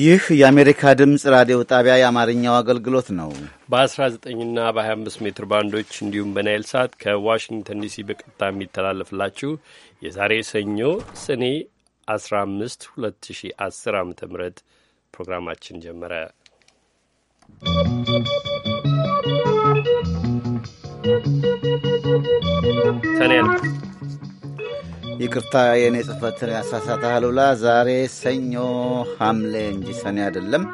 ይህ የአሜሪካ ድምፅ ራዲዮ ጣቢያ የአማርኛው አገልግሎት ነው። በ19ና በ25 ሜትር ባንዶች እንዲሁም በናይል ሳት ከዋሽንግተን ዲሲ በቀጥታ የሚተላለፍላችሁ የዛሬ ሰኞ ሰኔ 15 2010 ዓ ም ፕሮግራማችን ጀመረ። ሰኔ ይቅርታ የእኔ ጽፈት ያሳሳተ አሉላ። ዛሬ ሰኞ ሐምሌ እንጂ ሰኔ አይደለም።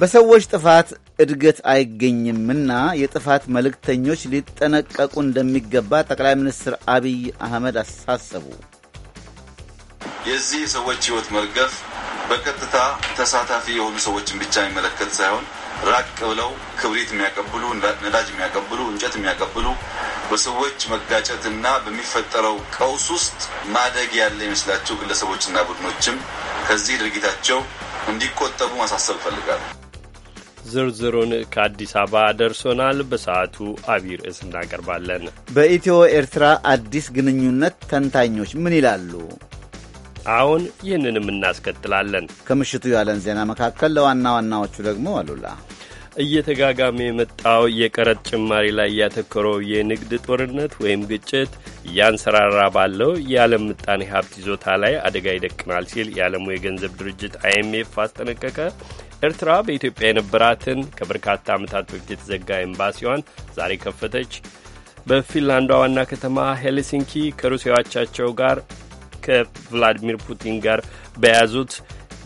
በሰዎች ጥፋት እድገት አይገኝምና የጥፋት መልእክተኞች ሊጠነቀቁ እንደሚገባ ጠቅላይ ሚኒስትር አብይ አህመድ አሳሰቡ። የዚህ የሰዎች ህይወት መርገፍ በቀጥታ ተሳታፊ የሆኑ ሰዎችን ብቻ የሚመለከት ሳይሆን ራቅ ብለው ክብሪት የሚያቀብሉ ነዳጅ የሚያቀብሉ እንጨት የሚያቀብሉ በሰዎች መጋጨት እና በሚፈጠረው ቀውስ ውስጥ ማደግ ያለ ይመስላቸው ግለሰቦችና ቡድኖችም ከዚህ ድርጊታቸው እንዲቆጠቡ ማሳሰብ ይፈልጋል። ዝርዝሩን ከአዲስ አበባ ደርሶናል። በሰዓቱ አቢይ ርዕስ እናቀርባለን። በኢትዮ ኤርትራ አዲስ ግንኙነት ተንታኞች ምን ይላሉ? አሁን ይህንንም እናስከትላለን። ከምሽቱ ያለን ዜና መካከል ለዋና ዋናዎቹ ደግሞ አሉላ እየተጋጋመ የመጣው የቀረጥ ጭማሪ ላይ ያተኮረው የንግድ ጦርነት ወይም ግጭት እያንሰራራ ባለው የዓለም ምጣኔ ሀብት ይዞታ ላይ አደጋ ይደቅናል ሲል የዓለሙ የገንዘብ ድርጅት አይኤምኤፍ አስጠነቀቀ። ኤርትራ በኢትዮጵያ የነበራትን ከበርካታ ዓመታት በፊት የተዘጋ ኤምባሲዋን ዛሬ ከፈተች። በፊንላንዷ ዋና ከተማ ሄልሲንኪ ከሩሲያዎቻቸው ጋር ከቭላዲሚር ፑቲን ጋር በያዙት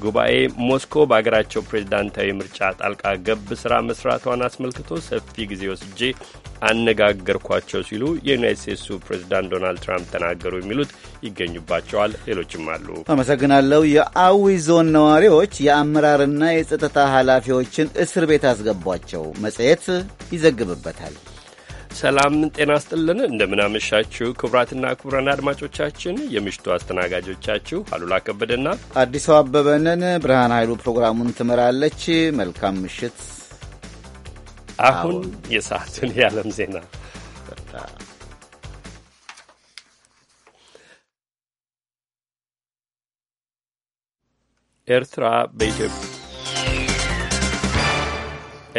ጉባኤ ሞስኮ በሀገራቸው ፕሬዚዳንታዊ ምርጫ ጣልቃ ገብ ስራ መስራቷን አስመልክቶ ሰፊ ጊዜ ወስጄ አነጋገርኳቸው ሲሉ የዩናይት ስቴትሱ ፕሬዚዳንት ዶናልድ ትራምፕ ተናገሩ የሚሉት ይገኙባቸዋል። ሌሎችም አሉ። አመሰግናለሁ። የአዊ ዞን ነዋሪዎች የአመራርና የጸጥታ ኃላፊዎችን እስር ቤት አስገቧቸው። መጽሔት ይዘግብበታል። ሰላም ጤና ስጥልን። እንደምናመሻችሁ ክቡራትና ክቡራን አድማጮቻችን የምሽቱ አስተናጋጆቻችሁ አሉላ ከበደና አዲሱ አበበንን። ብርሃን ኃይሉ ፕሮግራሙን ትመራለች። መልካም ምሽት። አሁን የሰዓቱን የዓለም ዜና ኤርትራ በኢትዮጵያ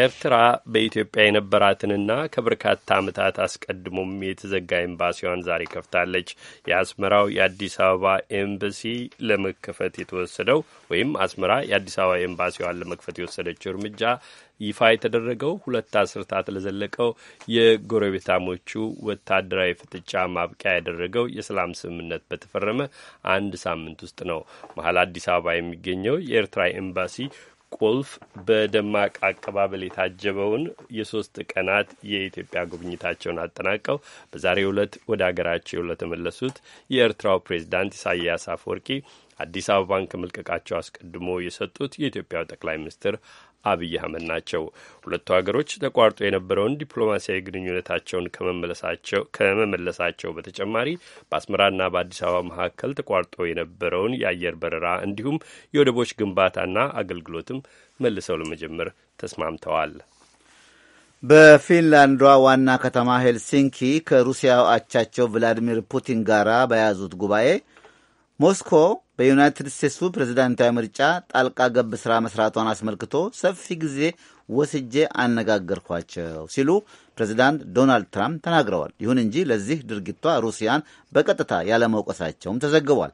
ኤርትራ በኢትዮጵያ የነበራትንና ከበርካታ ዓመታት አስቀድሞም የተዘጋ ኤምባሲዋን ዛሬ ከፍታለች። የአስመራው የአዲስ አበባ ኤምባሲ ለመከፈት የተወሰደው ወይም አስመራ የአዲስ አበባ ኤምባሲዋን ለመክፈት የወሰደችው እርምጃ ይፋ የተደረገው ሁለት አስርታት ለዘለቀው የጎረቤታሞቹ ወታደራዊ ፍጥጫ ማብቂያ ያደረገው የሰላም ስምምነት በተፈረመ አንድ ሳምንት ውስጥ ነው። መሀል አዲስ አበባ የሚገኘው የኤርትራ ኤምባሲ ቁልፍ በደማቅ አቀባበል የታጀበውን የሶስት ቀናት የኢትዮጵያ ጉብኝታቸውን አጠናቀው በዛሬው ዕለት ወደ አገራቸው ለተመለሱት የኤርትራው ፕሬዚዳንት ኢሳያስ አፈወርቂ አዲስ አበባን ከመልቀቃቸው አስቀድሞ የሰጡት የኢትዮጵያው ጠቅላይ ሚኒስትር አብይ አህመድ ናቸው። ሁለቱ ሀገሮች ተቋርጦ የነበረውን ዲፕሎማሲያዊ ግንኙነታቸውን ከመመለሳቸው በተጨማሪ በአስመራና በአዲስ አበባ መካከል ተቋርጦ የነበረውን የአየር በረራ እንዲሁም የወደቦች ግንባታና አገልግሎትም መልሰው ለመጀመር ተስማምተዋል። በፊንላንዷ ዋና ከተማ ሄልሲንኪ ከሩሲያው አቻቸው ቭላዲሚር ፑቲን ጋር በያዙት ጉባኤ ሞስኮ በዩናይትድ ስቴትሱ ፕሬዝዳንታዊ ምርጫ ጣልቃ ገብ ስራ መስራቷን አስመልክቶ ሰፊ ጊዜ ወስጄ አነጋገርኳቸው ሲሉ ፕሬዚዳንት ዶናልድ ትራምፕ ተናግረዋል። ይሁን እንጂ ለዚህ ድርጊቷ ሩሲያን በቀጥታ ያለመውቀሳቸውም ተዘግቧል።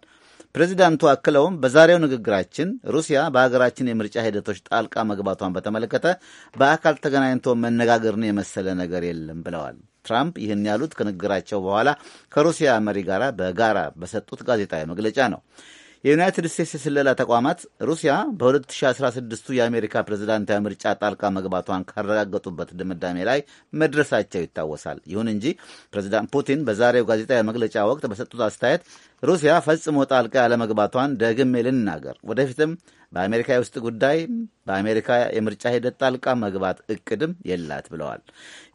ፕሬዚዳንቱ አክለውም በዛሬው ንግግራችን ሩሲያ በሀገራችን የምርጫ ሂደቶች ጣልቃ መግባቷን በተመለከተ በአካል ተገናኝቶ መነጋገርን የመሰለ ነገር የለም ብለዋል። ትራምፕ ይህን ያሉት ከንግግራቸው በኋላ ከሩሲያ መሪ ጋር በጋራ በሰጡት ጋዜጣዊ መግለጫ ነው። የዩናይትድ ስቴትስ የስለላ ተቋማት ሩሲያ በ2016ቱ የአሜሪካ ፕሬዝዳንታዊ ምርጫ ጣልቃ መግባቷን ካረጋገጡበት ድምዳሜ ላይ መድረሳቸው ይታወሳል። ይሁን እንጂ ፕሬዝዳንት ፑቲን በዛሬው ጋዜጣዊ መግለጫ ወቅት በሰጡት አስተያየት ሩሲያ ፈጽሞ ጣልቃ ያለመግባቷን ደግሜ ልናገር፣ ወደፊትም በአሜሪካ የውስጥ ጉዳይ በአሜሪካ የምርጫ ሂደት ጣልቃ መግባት እቅድም የላት ብለዋል።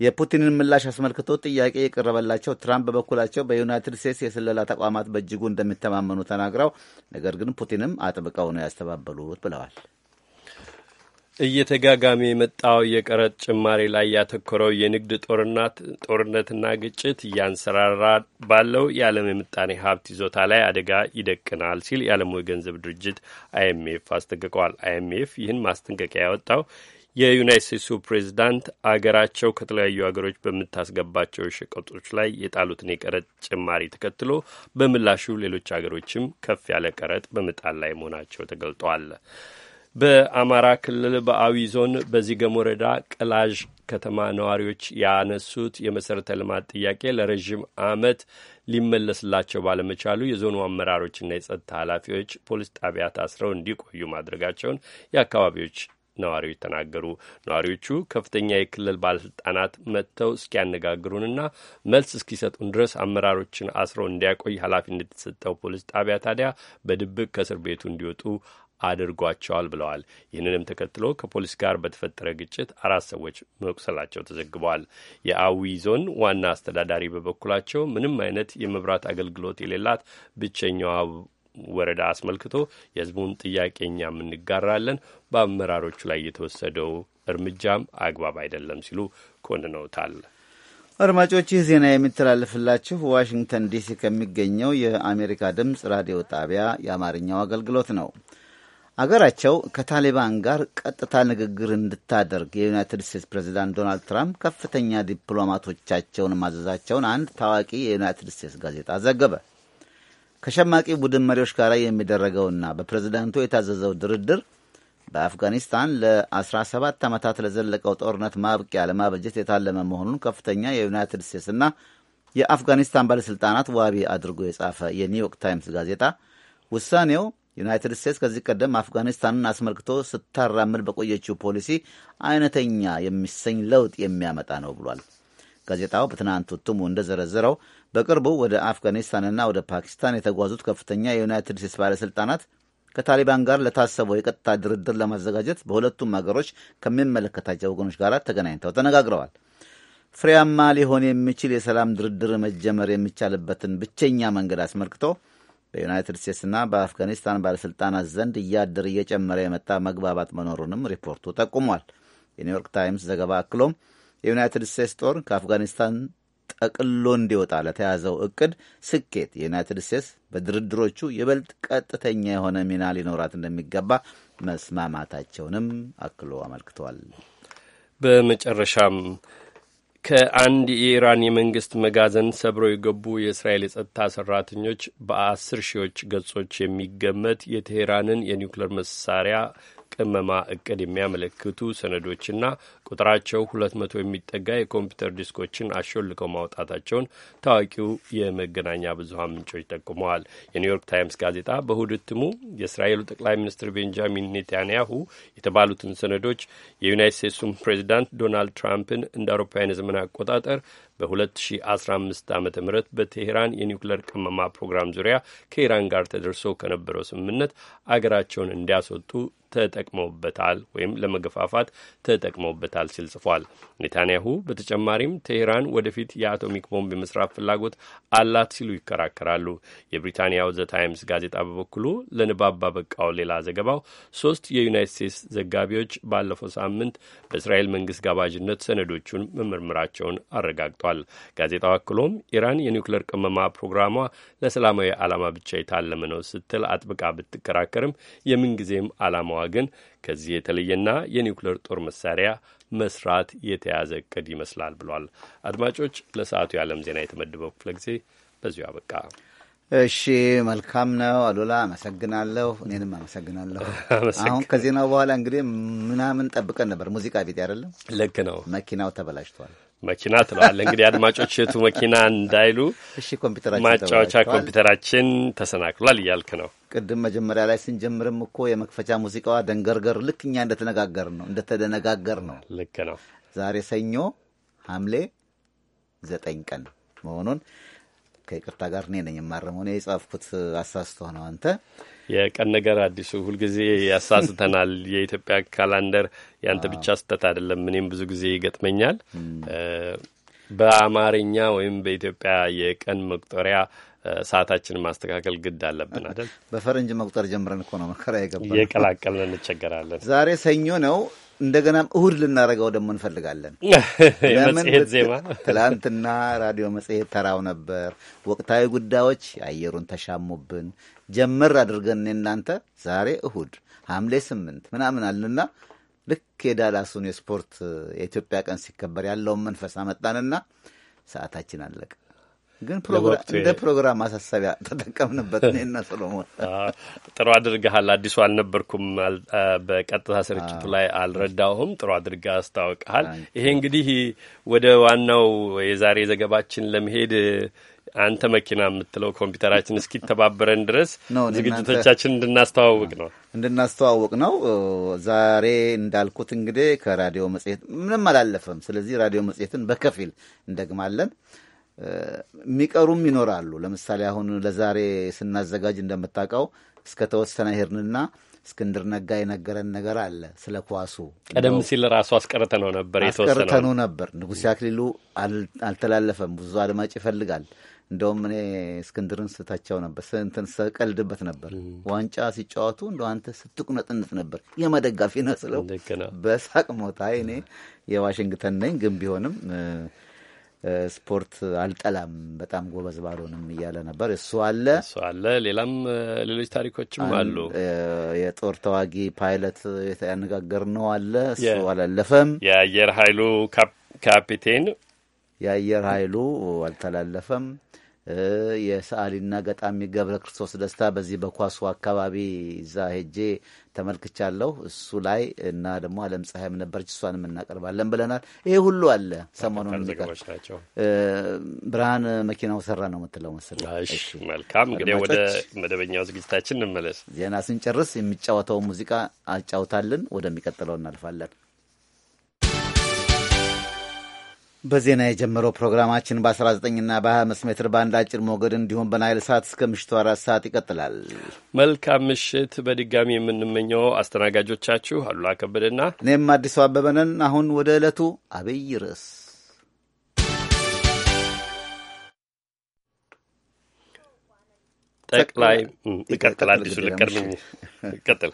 የፑቲንን ምላሽ አስመልክቶ ጥያቄ የቀረበላቸው ትራምፕ በበኩላቸው በዩናይትድ ስቴትስ የስለላ ተቋማት በእጅጉ እንደሚተማመኑ ተናግረው፣ ነገር ግን ፑቲንም አጥብቀው ነው ያስተባበሉት ብለዋል። እየተጋጋሚ የመጣው የቀረጥ ጭማሪ ላይ ያተኮረው የንግድ ጦርነትና ግጭት እያንሰራራ ባለው የዓለም የምጣኔ ሀብት ይዞታ ላይ አደጋ ይደቅናል ሲል የዓለሙ የገንዘብ ድርጅት አይኤምኤፍ አስጠንቅቀዋል። አይኤምኤፍ ይህን ማስጠንቀቂያ ያወጣው የዩናይት ስቴትሱ ፕሬዚዳንት አገራቸው ከተለያዩ ሀገሮች በምታስገባቸው ሸቀጦች ላይ የጣሉትን የቀረጥ ጭማሪ ተከትሎ በምላሹ ሌሎች ሀገሮችም ከፍ ያለ ቀረጥ በመጣል ላይ መሆናቸው ተገልጧል። በአማራ ክልል በአዊ ዞን በዚገም ወረዳ ቅላዥ ከተማ ነዋሪዎች ያነሱት የመሠረተ ልማት ጥያቄ ለረዥም ዓመት ሊመለስላቸው ባለመቻሉ የዞኑ አመራሮችና የጸጥታ ኃላፊዎች ፖሊስ ጣቢያ ታስረው እንዲቆዩ ማድረጋቸውን የአካባቢዎች ነዋሪዎች ተናገሩ። ነዋሪዎቹ ከፍተኛ የክልል ባለስልጣናት መጥተው እስኪያነጋግሩንና መልስ እስኪሰጡን ድረስ አመራሮችን አስረው እንዲያቆይ ኃላፊነት የተሰጠው ፖሊስ ጣቢያ ታዲያ በድብቅ ከእስር ቤቱ እንዲወጡ አድርጓቸዋል ብለዋል። ይህንንም ተከትሎ ከፖሊስ ጋር በተፈጠረ ግጭት አራት ሰዎች መቁሰላቸው ተዘግበዋል። የአዊ ዞን ዋና አስተዳዳሪ በበኩላቸው ምንም አይነት የመብራት አገልግሎት የሌላት ብቸኛዋ ወረዳ አስመልክቶ የህዝቡን ጥያቄ እኛ የምንጋራለን፣ በአመራሮቹ ላይ የተወሰደው እርምጃም አግባብ አይደለም ሲሉ ኮንነውታል። አድማጮች ይህ ዜና የሚተላለፍላችሁ ዋሽንግተን ዲሲ ከሚገኘው የአሜሪካ ድምፅ ራዲዮ ጣቢያ የአማርኛው አገልግሎት ነው። አገራቸው ከታሊባን ጋር ቀጥታ ንግግር እንድታደርግ የዩናይትድ ስቴትስ ፕሬዚዳንት ዶናልድ ትራምፕ ከፍተኛ ዲፕሎማቶቻቸውን ማዘዛቸውን አንድ ታዋቂ የዩናይትድ ስቴትስ ጋዜጣ ዘገበ። ከሸማቂ ቡድን መሪዎች ጋር የሚደረገውና በፕሬዚዳንቱ የታዘዘው ድርድር በአፍጋኒስታን ለ17 ዓመታት ለዘለቀው ጦርነት ማብቂያ ለማበጀት የታለመ መሆኑን ከፍተኛ የዩናይትድ ስቴትስና የአፍጋኒስታን ባለሥልጣናት ዋቢ አድርጎ የጻፈ የኒውዮርክ ታይምስ ጋዜጣ ውሳኔው ዩናይትድ ስቴትስ ከዚህ ቀደም አፍጋኒስታንን አስመልክቶ ስታራምድ በቆየችው ፖሊሲ አይነተኛ የሚሰኝ ለውጥ የሚያመጣ ነው ብሏል። ጋዜጣው በትናንቱ እትሙ እንደዘረዘረው በቅርቡ ወደ አፍጋኒስታንና ወደ ፓኪስታን የተጓዙት ከፍተኛ የዩናይትድ ስቴትስ ባለሥልጣናት ከታሊባን ጋር ለታሰበው የቀጥታ ድርድር ለማዘጋጀት በሁለቱም ሀገሮች ከሚመለከታቸው ወገኖች ጋር ተገናኝተው ተነጋግረዋል። ፍሬያማ ሊሆን የሚችል የሰላም ድርድር መጀመር የሚቻልበትን ብቸኛ መንገድ አስመልክቶ በዩናይትድ ስቴትስና በአፍጋኒስታን ባለሥልጣናት ዘንድ እያደር እየጨመረ የመጣ መግባባት መኖሩንም ሪፖርቱ ጠቁሟል። የኒውዮርክ ታይምስ ዘገባ አክሎም የዩናይትድ ስቴትስ ጦር ከአፍጋኒስታን ጠቅሎ እንዲወጣ ለተያዘው እቅድ ስኬት የዩናይትድ ስቴትስ በድርድሮቹ ይበልጥ ቀጥተኛ የሆነ ሚና ሊኖራት እንደሚገባ መስማማታቸውንም አክሎ አመልክተዋል። በመጨረሻም ከአንድ የኢራን የመንግስት መጋዘን ሰብረው የገቡ የእስራኤል የጸጥታ ሰራተኞች በአስር ሺዎች ገጾች የሚገመት የትሄራንን የኒውክሌር መሳሪያ ቅመማ እቅድ የሚያመለክቱ ሰነዶችና ቁጥራቸው ሁለት መቶ የሚጠጋ የኮምፒውተር ዲስኮችን አሾልከው ማውጣታቸውን ታዋቂው የመገናኛ ብዙሀን ምንጮች ጠቁመዋል። የኒውዮርክ ታይምስ ጋዜጣ በእሁድ እትሙ የእስራኤሉ ጠቅላይ ሚኒስትር ቤንጃሚን ኔታንያሁ የተባሉትን ሰነዶች የዩናይት ስቴትሱን ፕሬዚዳንት ዶናልድ ትራምፕን እንደ አውሮፓውያን የዘመን አቆጣጠር በ2015 ዓ ም በቴሄራን የኒውክሌር ቅመማ ፕሮግራም ዙሪያ ከኢራን ጋር ተደርሶ ከነበረው ስምምነት አገራቸውን እንዲያስወጡ ተጠቅመውበታል ወይም ለመገፋፋት ተጠቅመውበታል ሲል ጽፏል። ኔታንያሁ በተጨማሪም ቴሄራን ወደፊት የአቶሚክ ቦምብ የመስራት ፍላጎት አላት ሲሉ ይከራከራሉ። የብሪታንያው ዘ ታይምስ ጋዜጣ በበኩሉ ለንባብ ባበቃው ሌላ ዘገባው ሶስት የዩናይት ስቴትስ ዘጋቢዎች ባለፈው ሳምንት በእስራኤል መንግስት ጋባዥነት ሰነዶቹን መመርመራቸውን አረጋግጧል። አስታውቋል። ጋዜጣው አክሎም ኢራን የኒውክሌር ቅመማ ፕሮግራሟ ለሰላማዊ ዓላማ ብቻ የታለመ ነው ስትል አጥብቃ ብትከራከርም የምንጊዜም ዓላማዋ ግን ከዚህ የተለየና የኒውክሌር ጦር መሳሪያ መስራት የተያዘ እቅድ ይመስላል ብሏል። አድማጮች፣ ለሰዓቱ የዓለም ዜና የተመደበው ክፍለ ጊዜ በዚሁ አበቃ። እሺ፣ መልካም ነው አሉላ፣ አመሰግናለሁ። እኔንም አመሰግናለሁ። አሁን ከዜናው በኋላ እንግዲህ ምናምን ጠብቀን ነበር ሙዚቃ ቤት አይደለም። ልክ ነው። መኪናው ተበላሽቷል። መኪና ትለዋለ እንግዲህ አድማጮች የቱ መኪና እንዳይሉ ኮምፒውተራችን ማጫወቻ ኮምፒውተራችን ተሰናክሏል እያልክ ነው። ቅድም መጀመሪያ ላይ ስንጀምርም እኮ የመክፈቻ ሙዚቃዋ ደንገርገር ልክ እኛ እንደተነጋገር ነው እንደተደነጋገር ነው። ልክ ነው። ዛሬ ሰኞ ሐምሌ ዘጠኝ ቀን መሆኑን ከይቅርታ ጋር እኔ ነኝ የማረመው። እኔ የጻፍኩት አሳስቶ ነው። አንተ የቀን ነገር አዲሱ ሁልጊዜ ያሳስተናል። የኢትዮጵያ ካላንደር ያንተ ብቻ ስህተት አይደለም። እኔም ብዙ ጊዜ ይገጥመኛል። በአማርኛ ወይም በኢትዮጵያ የቀን መቁጠሪያ ሰዓታችንን ማስተካከል ግድ አለብን አይደል? በፈረንጅ መቁጠር ጀምረን እኮ ነው መከራ የገባ የቀላቀልን እንቸገራለን። ዛሬ ሰኞ ነው። እንደገናም እሁድ ልናደርገው ደግሞ እንፈልጋለን። የመጽሔት ዜማ ትላንትና ራዲዮ መጽሔት ተራው ነበር። ወቅታዊ ጉዳዮች አየሩን ተሻሙብን። ጀመር አድርገን እናንተ ዛሬ እሁድ ሐምሌ ስምንት ምናምን አልንና ልክ የዳላሱን የስፖርት የኢትዮጵያ ቀን ሲከበር ያለውን መንፈስ አመጣንና ሰዓታችን አለቀ። ግን እንደ ፕሮግራም ማሳሰቢያ ተጠቀምንበት። እኔና ሰሎሞን ጥሩ አድርገሃል። አዲሱ አልነበርኩም፣ በቀጥታ ስርጭቱ ላይ አልረዳሁም። ጥሩ አድርገህ አስታውቀሃል። ይሄ እንግዲህ ወደ ዋናው የዛሬ ዘገባችን ለመሄድ አንተ መኪና የምትለው ኮምፒውተራችን እስኪተባበረን ድረስ ዝግጅቶቻችን እንድናስተዋውቅ ነው እንድናስተዋውቅ ነው። ዛሬ እንዳልኩት እንግዲህ ከራዲዮ መጽሔት ምንም አላለፈም። ስለዚህ ራዲዮ መጽሔትን በከፊል እንደግማለን። የሚቀሩም ይኖራሉ። ለምሳሌ አሁን ለዛሬ ስናዘጋጅ እንደምታውቀው እስከ ተወሰነ ሄድንና እስክንድር ነጋ የነገረን ነገር አለ ስለ ኳሱ። ቀደም ሲል ራሱ አስቀርተነው ነበር አስቀርተነው ነበር። ንጉሴ አክሊሉ አልተላለፈም። ብዙ አድማጭ ይፈልጋል። እንደውም እኔ እስክንድርን ስታቸው ነበር ስንትን ስቀልድበት ነበር። ዋንጫ ሲጫወቱ እንደ አንተ ስትቁነጥነት ነበር የመደጋፊ ነው ስለው በሳቅ ሞታ። እኔ የዋሽንግተን ነኝ ግን ቢሆንም ስፖርት አልጠላም በጣም ጎበዝ ባልሆንም እያለ ነበር። እሱ አለ እሱ አለ። ሌላም ሌሎች ታሪኮችም አሉ። የጦር ተዋጊ ፓይለት ነው አለ። እሱ አላለፈም። የአየር ኃይሉ ካፒቴን የአየር ኃይሉ አልተላለፈም። የሰዓሊና ገጣሚ ገብረ ክርስቶስ ደስታ በዚህ በኳሱ አካባቢ እዛ ሄጄ ተመልክቻለሁ። እሱ ላይ እና ደግሞ አለም ፀሐይም ነበረች፣ እሷንም እናቀርባለን ብለናል። ይሄ ሁሉ አለ። ሰሞኑን ብርሃን መኪናው ሰራ ነው የምትለው መሰለኝ። መልካም እንግዲህ ወደ መደበኛው ዝግጅታችን እንመለስ። ዜና ስንጨርስ የሚጫወተውን ሙዚቃ አጫውታልን። ወደሚቀጥለው እናልፋለን። በዜና የጀመረው ፕሮግራማችን በ19ና በ25 ሜትር ባንድ አጭር ሞገድ እንዲሁም በናይል ሰዓት እስከ ምሽቱ አራት ሰዓት ይቀጥላል። መልካም ምሽት በድጋሚ የምንመኘው አስተናጋጆቻችሁ አሉላ ከበደና እኔም አዲሱ አበበ ነን። አሁን ወደ ዕለቱ አብይ ርዕስ ጠቅላይ ይቀጥላል። ይቀጥል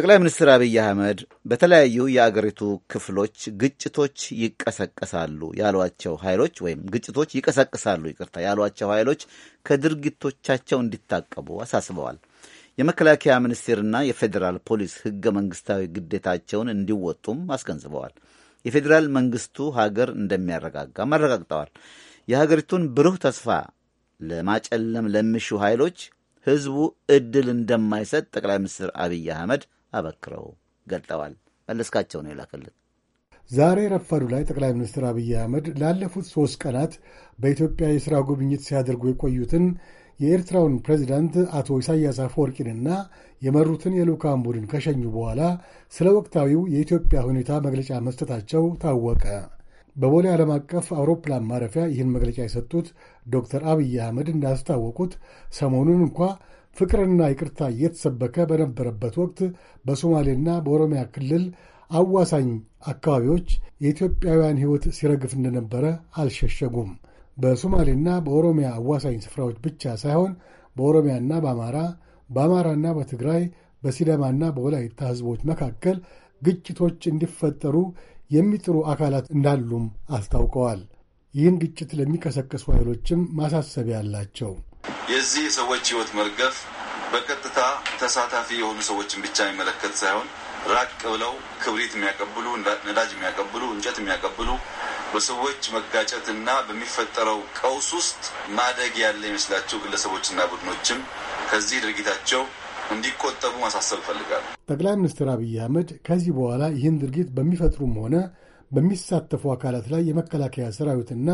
ጠቅላይ ሚኒስትር አብይ አህመድ በተለያዩ የአገሪቱ ክፍሎች ግጭቶች ይቀሰቀሳሉ ያሏቸው ኃይሎች ወይም ግጭቶች ይቀሰቅሳሉ ይቅርታ ያሏቸው ኃይሎች ከድርጊቶቻቸው እንዲታቀቡ አሳስበዋል። የመከላከያ ሚኒስቴርና የፌዴራል ፖሊስ ህገ መንግስታዊ ግዴታቸውን እንዲወጡም አስገንዝበዋል። የፌዴራል መንግስቱ ሀገር እንደሚያረጋጋም አረጋግጠዋል። የሀገሪቱን ብሩህ ተስፋ ለማጨለም ለሚሹ ኃይሎች ህዝቡ እድል እንደማይሰጥ ጠቅላይ ሚኒስትር አብይ አህመድ አበክረው ገልጠዋል። መለስካቸው ነው የላከልን። ዛሬ ረፋዱ ላይ ጠቅላይ ሚኒስትር አብይ አህመድ ላለፉት ሶስት ቀናት በኢትዮጵያ የሥራ ጉብኝት ሲያደርጉ የቆዩትን የኤርትራውን ፕሬዚዳንት አቶ ኢሳያስ አፈወርቂንና የመሩትን የልዑካን ቡድን ከሸኙ በኋላ ስለ ወቅታዊው የኢትዮጵያ ሁኔታ መግለጫ መስጠታቸው ታወቀ። በቦሌ ዓለም አቀፍ አውሮፕላን ማረፊያ ይህን መግለጫ የሰጡት ዶክተር አብይ አህመድ እንዳስታወቁት ሰሞኑን እንኳ ፍቅርና ይቅርታ እየተሰበከ በነበረበት ወቅት በሶማሌና በኦሮሚያ ክልል አዋሳኝ አካባቢዎች የኢትዮጵያውያን ሕይወት ሲረግፍ እንደነበረ አልሸሸጉም። በሶማሌና በኦሮሚያ አዋሳኝ ስፍራዎች ብቻ ሳይሆን በኦሮሚያና በአማራ በአማራና በትግራይ በሲዳማና በወላይታ ሕዝቦች መካከል ግጭቶች እንዲፈጠሩ የሚጥሩ አካላት እንዳሉም አስታውቀዋል። ይህን ግጭት ለሚቀሰቅሱ ኃይሎችም ማሳሰቢያ አላቸው። የዚህ የሰዎች ህይወት መርገፍ በቀጥታ ተሳታፊ የሆኑ ሰዎችን ብቻ የሚመለከት ሳይሆን ራቅ ብለው ክብሪት የሚያቀብሉ፣ ነዳጅ የሚያቀብሉ፣ እንጨት የሚያቀብሉ በሰዎች መጋጨት እና በሚፈጠረው ቀውስ ውስጥ ማደግ ያለ ይመስላቸው ግለሰቦችና ቡድኖችም ከዚህ ድርጊታቸው እንዲቆጠቡ ማሳሰብ እፈልጋለሁ። ጠቅላይ ሚኒስትር አብይ አህመድ ከዚህ በኋላ ይህን ድርጊት በሚፈጥሩም ሆነ በሚሳተፉ አካላት ላይ የመከላከያ ሰራዊትና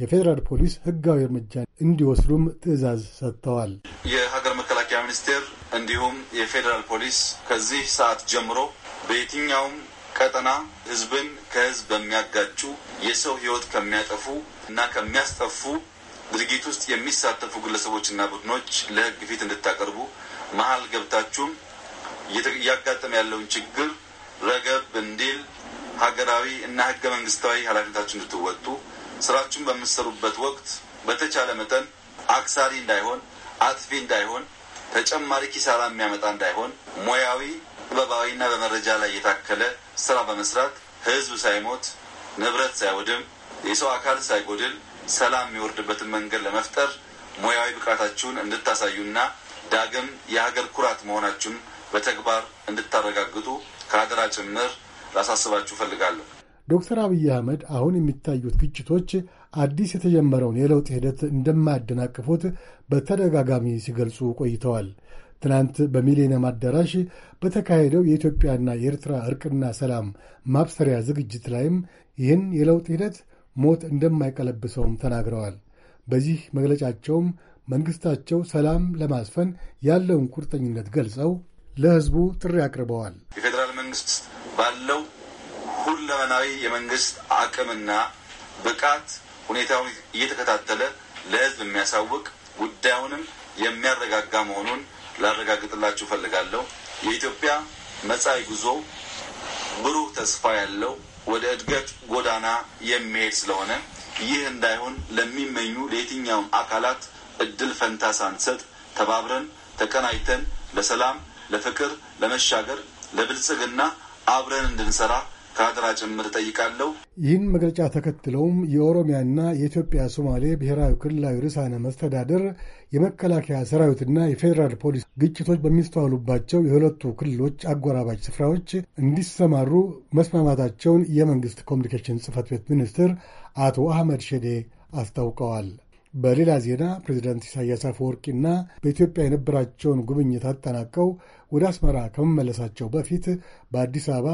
የፌዴራል ፖሊስ ህጋዊ እርምጃ እንዲወስዱም ትዕዛዝ ሰጥተዋል። የሀገር መከላከያ ሚኒስቴር እንዲሁም የፌዴራል ፖሊስ ከዚህ ሰዓት ጀምሮ በየትኛውም ቀጠና ህዝብን ከህዝብ በሚያጋጩ የሰው ህይወት ከሚያጠፉ እና ከሚያስጠፉ ድርጊት ውስጥ የሚሳተፉ ግለሰቦችና ቡድኖች ለህግ ፊት እንድታቀርቡ መሀል ገብታችሁም እያጋጠመ ያለውን ችግር ረገብ እንዲል ሀገራዊ እና ህገ መንግስታዊ ኃላፊነታችሁ እንድትወጡ ስራችሁን በምትሰሩበት ወቅት በተቻለ መጠን አክሳሪ እንዳይሆን፣ አጥፊ እንዳይሆን፣ ተጨማሪ ኪሳራ የሚያመጣ እንዳይሆን ሙያዊ ጥበባዊና በመረጃ ላይ የታከለ ስራ በመስራት ህዝብ ሳይሞት ንብረት ሳይወድም የሰው አካል ሳይጎድል ሰላም የሚወርድበትን መንገድ ለመፍጠር ሙያዊ ብቃታችሁን እንድታሳዩና ዳግም የሀገር ኩራት መሆናችሁን በተግባር እንድታረጋግጡ ከአደራ ጭምር ላሳስባችሁ እፈልጋለሁ። ዶክተር አብይ አህመድ አሁን የሚታዩት ግጭቶች አዲስ የተጀመረውን የለውጥ ሂደት እንደማያደናቅፉት በተደጋጋሚ ሲገልጹ ቆይተዋል። ትናንት በሚሌኒየም አዳራሽ በተካሄደው የኢትዮጵያና የኤርትራ እርቅና ሰላም ማብሰሪያ ዝግጅት ላይም ይህን የለውጥ ሂደት ሞት እንደማይቀለብሰውም ተናግረዋል። በዚህ መግለጫቸውም መንግሥታቸው ሰላም ለማስፈን ያለውን ቁርጠኝነት ገልጸው ለሕዝቡ ጥሪ አቅርበዋል። የፌዴራል መንግሥት ባለው ሁለመናዊ የመንግስት አቅምና ብቃት ሁኔታውን እየተከታተለ ለህዝብ የሚያሳውቅ ጉዳዩንም የሚያረጋጋ መሆኑን ላረጋግጥላችሁ እፈልጋለሁ። የኢትዮጵያ መጻኢ ጉዞ ብሩህ ተስፋ ያለው ወደ እድገት ጎዳና የሚሄድ ስለሆነ ይህ እንዳይሆን ለሚመኙ ለየትኛውም አካላት እድል ፈንታ ሳንሰጥ ተባብረን ተቀናጅተን ለሰላም፣ ለፍቅር፣ ለመሻገር፣ ለብልጽግና አብረን እንድንሰራ ከአደራ ጭምር ጠይቃለሁ። ይህን መግለጫ ተከትለውም የኦሮሚያና የኢትዮጵያ ሶማሌ ብሔራዊ ክልላዊ ርዕሳነ መስተዳደር የመከላከያ ሰራዊትና የፌዴራል ፖሊስ ግጭቶች በሚስተዋሉባቸው የሁለቱ ክልሎች አጎራባች ስፍራዎች እንዲሰማሩ መስማማታቸውን የመንግስት ኮሚኒኬሽን ጽህፈት ቤት ሚኒስትር አቶ አህመድ ሼዴ አስታውቀዋል። በሌላ ዜና ፕሬዚዳንት ኢሳያስ አፈወርቂና በኢትዮጵያ የነበራቸውን ጉብኝት አጠናቀው ወደ አስመራ ከመመለሳቸው በፊት በአዲስ አበባ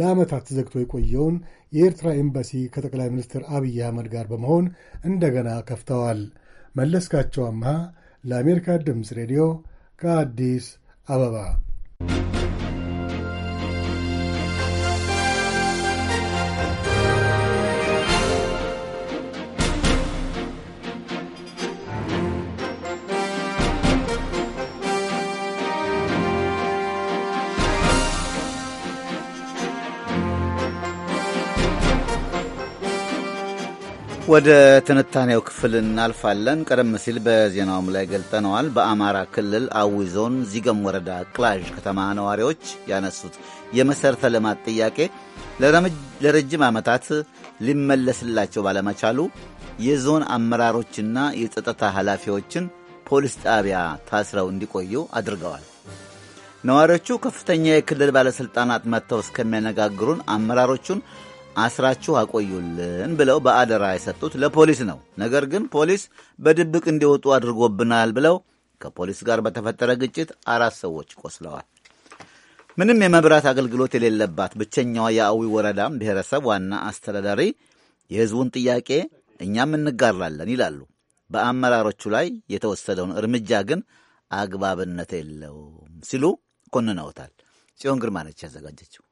ለዓመታት ተዘግቶ የቆየውን የኤርትራ ኤምባሲ ከጠቅላይ ሚኒስትር አብይ አህመድ ጋር በመሆን እንደገና ከፍተዋል። መለስካቸው አምሃ ለአሜሪካ ድምፅ ሬዲዮ ከአዲስ አበባ ወደ ትንታኔው ክፍል እናልፋለን። ቀደም ሲል በዜናውም ላይ ገልጠነዋል። በአማራ ክልል አዊ ዞን ዚገም ወረዳ ቅላዥ ከተማ ነዋሪዎች ያነሱት የመሠረተ ልማት ጥያቄ ለረጅም ዓመታት ሊመለስላቸው ባለመቻሉ የዞን አመራሮችና የጸጥታ ኃላፊዎችን ፖሊስ ጣቢያ ታስረው እንዲቆዩ አድርገዋል። ነዋሪዎቹ ከፍተኛ የክልል ባለሥልጣናት መጥተው እስከሚያነጋግሩን አመራሮቹን አስራችሁ አቆዩልን ብለው በአደራ የሰጡት ለፖሊስ ነው። ነገር ግን ፖሊስ በድብቅ እንዲወጡ አድርጎብናል ብለው ከፖሊስ ጋር በተፈጠረ ግጭት አራት ሰዎች ቆስለዋል። ምንም የመብራት አገልግሎት የሌለባት ብቸኛዋ የአዊ ወረዳም ብሔረሰብ ዋና አስተዳዳሪ የሕዝቡን ጥያቄ እኛም እንጋራለን ይላሉ። በአመራሮቹ ላይ የተወሰደውን እርምጃ ግን አግባብነት የለውም ሲሉ ኮንነውታል። ጽዮን ግርማ ነች ያዘጋጀችው።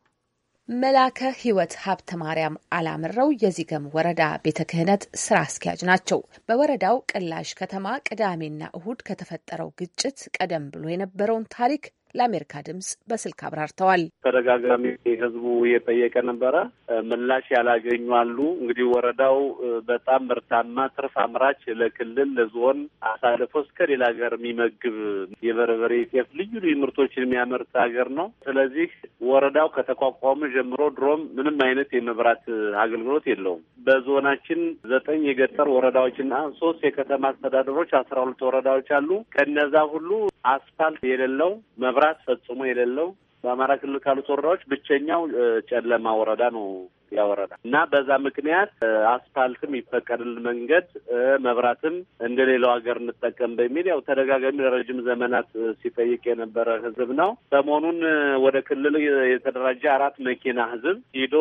መላከ ሕይወት ሀብተ ማርያም አላምረው የዚገም ወረዳ ቤተ ክህነት ስራ አስኪያጅ ናቸው። በወረዳው ቅላሽ ከተማ ቅዳሜና እሁድ ከተፈጠረው ግጭት ቀደም ብሎ የነበረውን ታሪክ ለአሜሪካ ድምጽ በስልክ አብራርተዋል። ተደጋጋሚ ህዝቡ እየጠየቀ ነበረ፣ ምላሽ ያላገኙ አሉ። እንግዲህ ወረዳው በጣም ምርታማ ትርፍ አምራች ለክልል ለዞን አሳልፎ እስከ ሌላ ሀገር የሚመግብ የበርበሬ ጤፍ፣ ልዩ ልዩ ምርቶችን የሚያመርት ሀገር ነው። ስለዚህ ወረዳው ከተቋቋመ ጀምሮ ድሮም ምንም አይነት የመብራት አገልግሎት የለውም። በዞናችን ዘጠኝ የገጠር ወረዳዎችና ሶስት የከተማ አስተዳደሮች አስራ ሁለት ወረዳዎች አሉ። ከነዛ ሁሉ አስፋልት የሌለው መብራት መብራት ፈጽሞ የሌለው በአማራ ክልል ካሉት ወረዳዎች ብቸኛው ጨለማ ወረዳ ነው ያወረዳ እና በዛ ምክንያት አስፋልትም ይፈቀድል መንገድ መብራትም እንደ ሀገር እንጠቀም በሚል ያው ተደጋጋሚ ለረጅም ዘመናት ሲጠይቅ የነበረ ህዝብ ነው። ሰሞኑን ወደ ክልል የተደራጀ አራት መኪና ህዝብ ሂዶ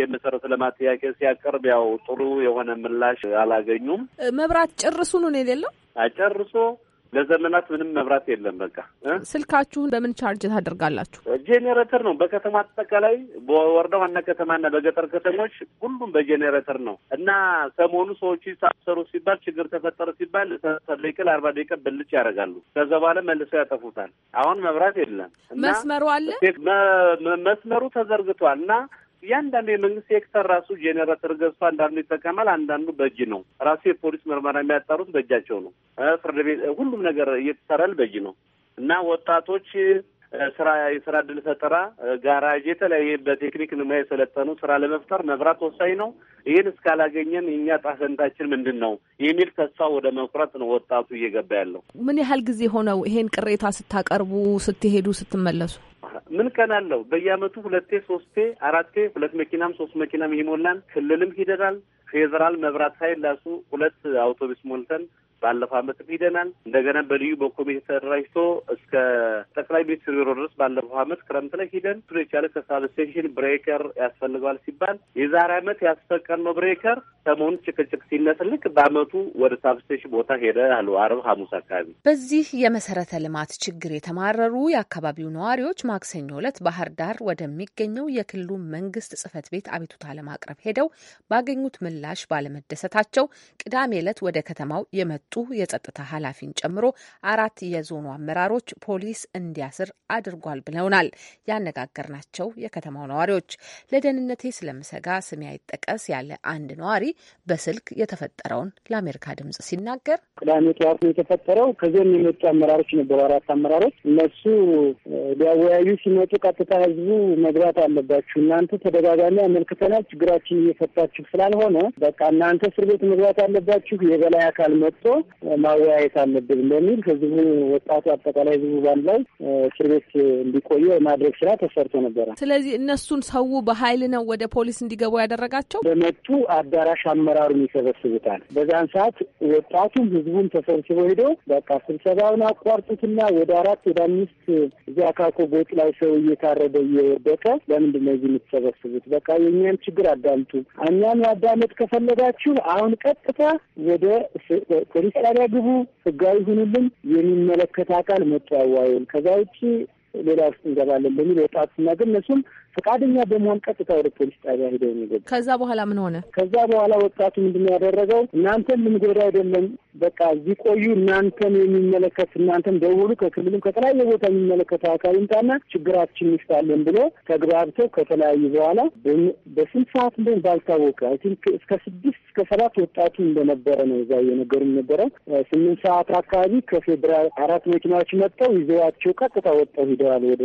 የመሰረተ ልማት ጥያቄ ሲያቀርብ ያው ጥሩ የሆነ ምላሽ አላገኙም። መብራት ጭርሱን ነው የሌለው አጨርሶ ለዘመናት ምንም መብራት የለም። በቃ ስልካችሁን በምን ቻርጅ ታደርጋላችሁ? ጄኔሬተር ነው። በከተማ አጠቃላይ በወረዳ ዋና ከተማና በገጠር ከተሞች ሁሉም በጄኔሬተር ነው እና ሰሞኑ ሰዎች ሳሰሩ ሲባል ችግር ተፈጠረ ሲባል ሰላሳ አርባ ደቂቃ ብልጭ ያደርጋሉ። ከዛ በኋላ መልሰው ያጠፉታል። አሁን መብራት የለም። መስመሩ አለ መስመሩ ተዘርግቷል እና እያንዳንዱ የመንግስት ሴክተር ራሱ ጄኔሬተር ገዝቶ አንዳንዱ ይጠቀማል፣ አንዳንዱ በእጅ ነው። ራሱ የፖሊስ ምርመራ የሚያጣሩት በእጃቸው ነው። ፍርድ ቤት ሁሉም ነገር እየተሰራል በእጅ ነው እና ወጣቶች ስራ የስራ እድል ፈጠራ፣ ጋራጅ፣ የተለያየ በቴክኒክ ንማ የሰለጠኑ ስራ ለመፍጠር መብራት ወሳኝ ነው። ይህን እስካላገኘን የእኛ ዕጣ ምንድን ነው የሚል ተስፋ ወደ መቁረጥ ነው ወጣቱ እየገባ ያለው። ምን ያህል ጊዜ ሆነው ይሄን ቅሬታ ስታቀርቡ ስትሄዱ ስትመለሱ? ምን ቀን አለው? በየአመቱ ሁለቴ ሶስቴ አራቴ ሁለት መኪናም ሶስት መኪናም ይሞላን። ክልልም ሂደናል። ፌዴራል መብራት ኃይል ላሱ ሁለት አውቶቡስ ሞልተን ባለፈው አመትም ሂደናል። እንደገና በልዩ በኮሚቴ ተደራጅቶ እስከ ጠቅላይ ሚኒስትር ቢሮ ድረስ ባለፈው አመት ክረምት ላይ ሂደን ቱን የቻለ ከሳብስቴሽን ብሬከር ያስፈልገዋል ሲባል የዛሬ አመት ያስፈቀድነው ብሬከር ሰሞኑ ጭቅጭቅ ሲነስልክ በአመቱ ወደ ሳብስቴሽን ቦታ ሄደ አሉ። አርብ ሐሙስ አካባቢ በዚህ የመሰረተ ልማት ችግር የተማረሩ የአካባቢው ነዋሪዎች ማክሰኞ ዕለት ባህር ዳር ወደሚገኘው የክልሉ መንግስት ጽህፈት ቤት አቤቱታ ለማቅረብ ሄደው ባገኙት ምላሽ ባለመደሰታቸው ቅዳሜ ዕለት ወደ ከተማው የመጡ የጸጥታ ኃላፊን ጨምሮ አራት የዞኑ አመራሮች ፖሊስ እንዲያስር አድርጓል ብለውናል ያነጋገርናቸው የከተማው ነዋሪዎች። ለደህንነቴ ስለምሰጋ ስሜ አይጠቀስ ያለ አንድ ነዋሪ በስልክ የተፈጠረውን ለአሜሪካ ድምጽ ሲናገር ቅዳሜ ጠዋት ነው የተፈጠረው። ከዞን የመጡ አመራሮች ነበሩ፣ አራት አመራሮች። እነሱ ሊያወያዩ ሲመጡ ቀጥታ ህዝቡ መግባት አለባችሁ እናንተ ተደጋጋሚ አመልክተናል፣ ችግራችን እየፈታችሁ ስላልሆነ በቃ እናንተ እስር ቤት መግባት አለባችሁ የበላይ አካል መጥቶ ማወያየት አለብን በሚል ህዝቡ ወጣቱ አጠቃላይ ህዝቡ ባንድ ላይ እስር ቤት እንዲቆየ የማድረግ ስራ ተሰርቶ ነበረ። ስለዚህ እነሱን ሰው በሀይል ነው ወደ ፖሊስ እንዲገቡ ያደረጋቸው። በመጡ አዳራሽ አመራሩን ይሰበስቡታል። በዛን ሰዓት ወጣቱም ህዝቡን ተሰብስቦ ሄደው በቃ ስብሰባውን አቋርጡትና ወደ አራት ወደ አምስት እዚ አካኮ ቦጭ ላይ ሰው እየታረደ እየወደቀ ለምንድን ነው እዚህ የምትሰበስቡት? በቃ የእኛን ችግር አዳምጡ፣ እኛን ማዳመጥ ከፈለጋችሁ አሁን ቀጥታ ወደ ጣቢያ ግቡ፣ ህጋዊ ሁኑልን፣ የሚመለከት አካል መጡ አዋየን፣ ከዛ ውጭ ሌላ ውስጥ እንገባለን በሚል ወጣት ስናገር እነሱም ፈቃደኛ በመሆን ቀጥታ ወደ ፖሊስ ጣቢያ ሄደው የሚገቡ። ከዛ በኋላ ምን ሆነ? ከዛ በኋላ ወጣቱ ምንድነው ያደረገው? እናንተን ልንጎዳ አይደለም፣ በቃ እዚህ ቆዩ፣ እናንተን የሚመለከት እናንተን ደውሉ፣ ከክልሉም ከተለያየ ቦታ የሚመለከተው አካል ይምጣና ችግራችን ይፍታለን ብሎ ተግባብተው ከተለያዩ በኋላ በስንት ሰዓት እንደሆነ ባልታወቀ አይ ቲንክ እስከ ስድስት እስከ ሰባት ወጣቱ እንደነበረ ነው እዛ እየነገሩኝ የነበረው። ስምንት ሰዓት አካባቢ ከፌዴራል አራት መኪናዎች መጥተው ይዘዋቸው ቀጥታ ወጥተው ሂደዋል። ወደ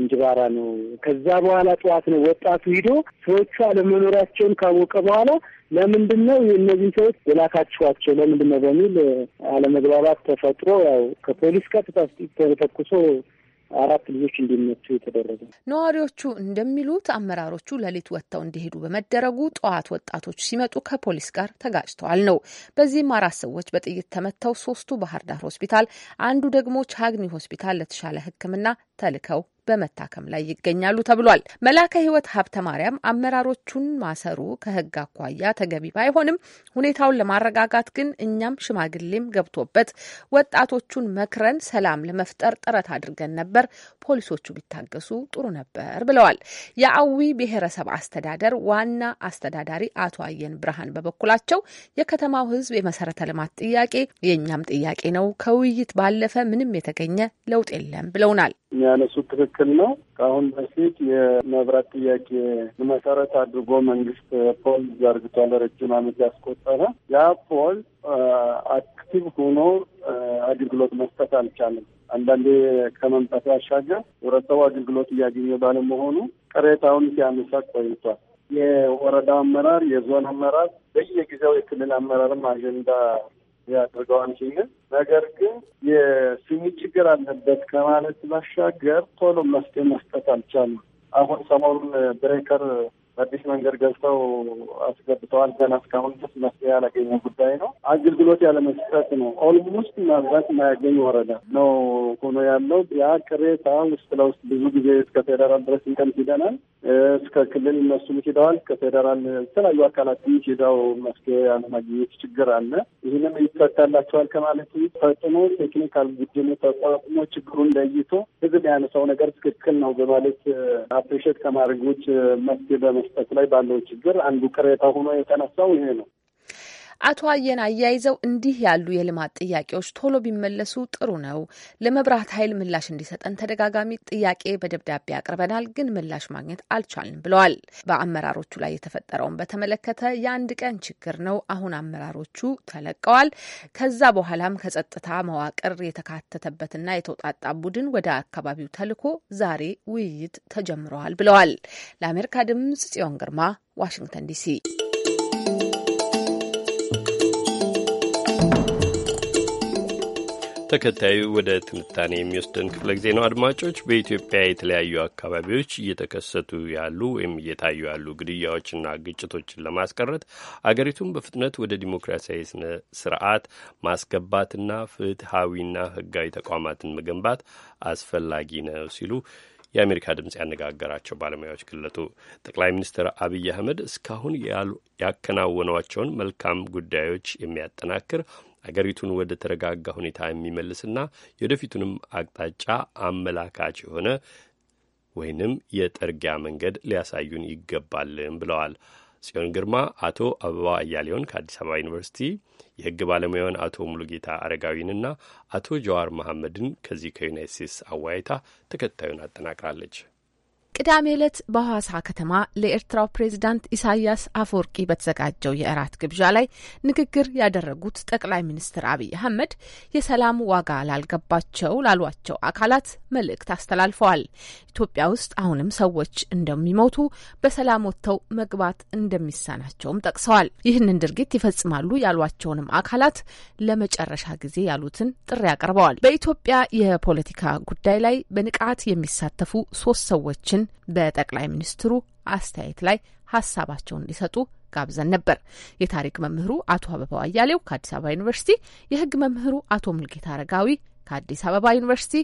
እንጅባራ ነው ከዛ በኋላ በኋላ ጠዋት ነው ወጣቱ ሂዶ ሰዎቹ አለመኖሪያቸውን ካወቀ በኋላ ለምንድን ነው እነዚህ ሰዎች የላካችኋቸው ለምንድን ነው በሚል አለመግባባት ተፈጥሮ ያው ከፖሊስ ቀጥታ ተኩሶ አራት ልጆች እንዲመቱ የተደረገ። ነዋሪዎቹ እንደሚሉት አመራሮቹ ሌሊት ወጥተው እንዲሄዱ በመደረጉ ጠዋት ወጣቶች ሲመጡ ከፖሊስ ጋር ተጋጭተዋል ነው። በዚህም አራት ሰዎች በጥይት ተመተው ሶስቱ ባህር ዳር ሆስፒታል፣ አንዱ ደግሞ ቻግኒ ሆስፒታል ለተሻለ ሕክምና ተልከው በመታከም ላይ ይገኛሉ ተብሏል። መላከ ሕይወት ሀብተ ማርያም አመራሮቹን ማሰሩ ከህግ አኳያ ተገቢ ባይሆንም ሁኔታውን ለማረጋጋት ግን እኛም ሽማግሌም ገብቶበት ወጣቶቹን መክረን ሰላም ለመፍጠር ጥረት አድርገን ነበር። ፖሊሶቹ ቢታገሱ ጥሩ ነበር ብለዋል። የአዊ ብሔረሰብ አስተዳደር ዋና አስተዳዳሪ አቶ አየን ብርሃን በበኩላቸው የከተማው ህዝብ የመሰረተ ልማት ጥያቄ የእኛም ጥያቄ ነው። ከውይይት ባለፈ ምንም የተገኘ ለውጥ የለም ብለውናል። የሚያነሱት ትክክል ነው። ከአሁን በፊት የመብራት ጥያቄ መሰረት አድርጎ መንግስት ፖል ዘርግቷል። ረጅም አመት ያስቆጠረ ያ ፖል አክቲቭ ሆኖ አገልግሎት መስጠት አልቻለም። አንዳንዴ ከመምጣት ባሻገር ህብረተሰቡ አገልግሎት እያገኘ ባለመሆኑ ቅሬታውን ሲያነሳ ቆይቷል። የወረዳ አመራር፣ የዞን አመራር፣ በየጊዜው የክልል አመራርም አጀንዳ ያደርገዋል ሲል ነገር ግን የስኒ ችግር አለበት ከማለት ባሻገር ቶሎ መፍትሄ መስጠት አልቻለም። አሁን ሰሞኑን ብሬከር በአዲስ መንገድ ገብተው አስገብተዋል። ገና እስካሁን ድረስ መፍትሄ ያላገኘ ጉዳይ ነው። አገልግሎት ያለመስጠት ነው። ኦልሞስት ማብዛት የማያገኝ ወረዳ ነው ሆኖ ያለው። ያ ቅሬታ ውስጥ ለውስጥ ብዙ ጊዜ እስከ ፌደራል ድረስ እንቀምስ ይደናል እስከ ክልል እነሱም ሄደዋል። ከፌደራል የተለያዩ አካላትም ሄደው መፍትሄ ያለማግኘት ችግር አለ። ይህንም ይፈታላቸዋል ከማለት ፈጥኖ ቴክኒካል ቡድኑ ተቋቁሞ ችግሩን ለይቶ ህዝብ ያነሳው ነገር ትክክል ነው በማለት አፕሪሼት ከማድረግ ውጭ መፍትሄ በመስጠት ላይ ባለው ችግር አንዱ ቅሬታ ሆኖ የተነሳው ይሄ ነው። አቶ አየን አያይዘው እንዲህ ያሉ የልማት ጥያቄዎች ቶሎ ቢመለሱ ጥሩ ነው። ለመብራት ኃይል ምላሽ እንዲሰጠን ተደጋጋሚ ጥያቄ በደብዳቤ አቅርበናል፣ ግን ምላሽ ማግኘት አልቻልም ብለዋል። በአመራሮቹ ላይ የተፈጠረውን በተመለከተ የአንድ ቀን ችግር ነው። አሁን አመራሮቹ ተለቀዋል። ከዛ በኋላም ከጸጥታ መዋቅር የተካተተበትና የተውጣጣ ቡድን ወደ አካባቢው ተልኮ ዛሬ ውይይት ተጀምረዋል ብለዋል። ለአሜሪካ ድምጽ ጽዮን ግርማ ዋሽንግተን ዲሲ ተከታዩ ወደ ትንታኔ የሚወስደን ክፍለ ጊዜ ነው። አድማጮች፣ በኢትዮጵያ የተለያዩ አካባቢዎች እየተከሰቱ ያሉ ወይም እየታዩ ያሉ ግድያዎችና ግጭቶችን ለማስቀረት አገሪቱን በፍጥነት ወደ ዲሞክራሲያዊ ስነ ስርዓት ማስገባትና ፍትሐዊና ህጋዊ ተቋማትን መገንባት አስፈላጊ ነው ሲሉ የአሜሪካ ድምፅ ያነጋገራቸው ባለሙያዎች ገለጡ። ጠቅላይ ሚኒስትር አብይ አህመድ እስካሁን ያከናወኗቸውን መልካም ጉዳዮች የሚያጠናክር አገሪቱን ወደ ተረጋጋ ሁኔታ የሚመልስና የወደፊቱንም አቅጣጫ አመላካች የሆነ ወይንም የጠርጊያ መንገድ ሊያሳዩን ይገባልን ብለዋል። ጽዮን ግርማ አቶ አበባ አያሌውን ከአዲስ አበባ ዩኒቨርሲቲ የሕግ ባለሙያውን አቶ ሙሉጌታ አረጋዊንና አቶ ጀዋር መሐመድን ከዚህ ከዩናይት ስቴትስ አወያይታ ተከታዩን አጠናቅራለች። ቅዳሜ ዕለት በሐዋሳ ከተማ ለኤርትራው ፕሬዚዳንት ኢሳያስ አፈወርቂ በተዘጋጀው የእራት ግብዣ ላይ ንግግር ያደረጉት ጠቅላይ ሚኒስትር አብይ አህመድ የሰላም ዋጋ ላልገባቸው ላሏቸው አካላት መልእክት አስተላልፈዋል። ኢትዮጵያ ውስጥ አሁንም ሰዎች እንደሚሞቱ በሰላም ወጥተው መግባት እንደሚሳናቸውም ጠቅሰዋል። ይህንን ድርጊት ይፈጽማሉ ያሏቸውንም አካላት ለመጨረሻ ጊዜ ያሉትን ጥሪ አቅርበዋል። በኢትዮጵያ የፖለቲካ ጉዳይ ላይ በንቃት የሚሳተፉ ሶስት ሰዎችን በጠቅላይ ሚኒስትሩ አስተያየት ላይ ሀሳባቸውን እንዲሰጡ ጋብዘን ነበር። የታሪክ መምህሩ አቶ አበባው አያሌው ከአዲስ አበባ ዩኒቨርሲቲ፣ የህግ መምህሩ አቶ ሙልጌታ አረጋዊ ከአዲስ አበባ ዩኒቨርሲቲ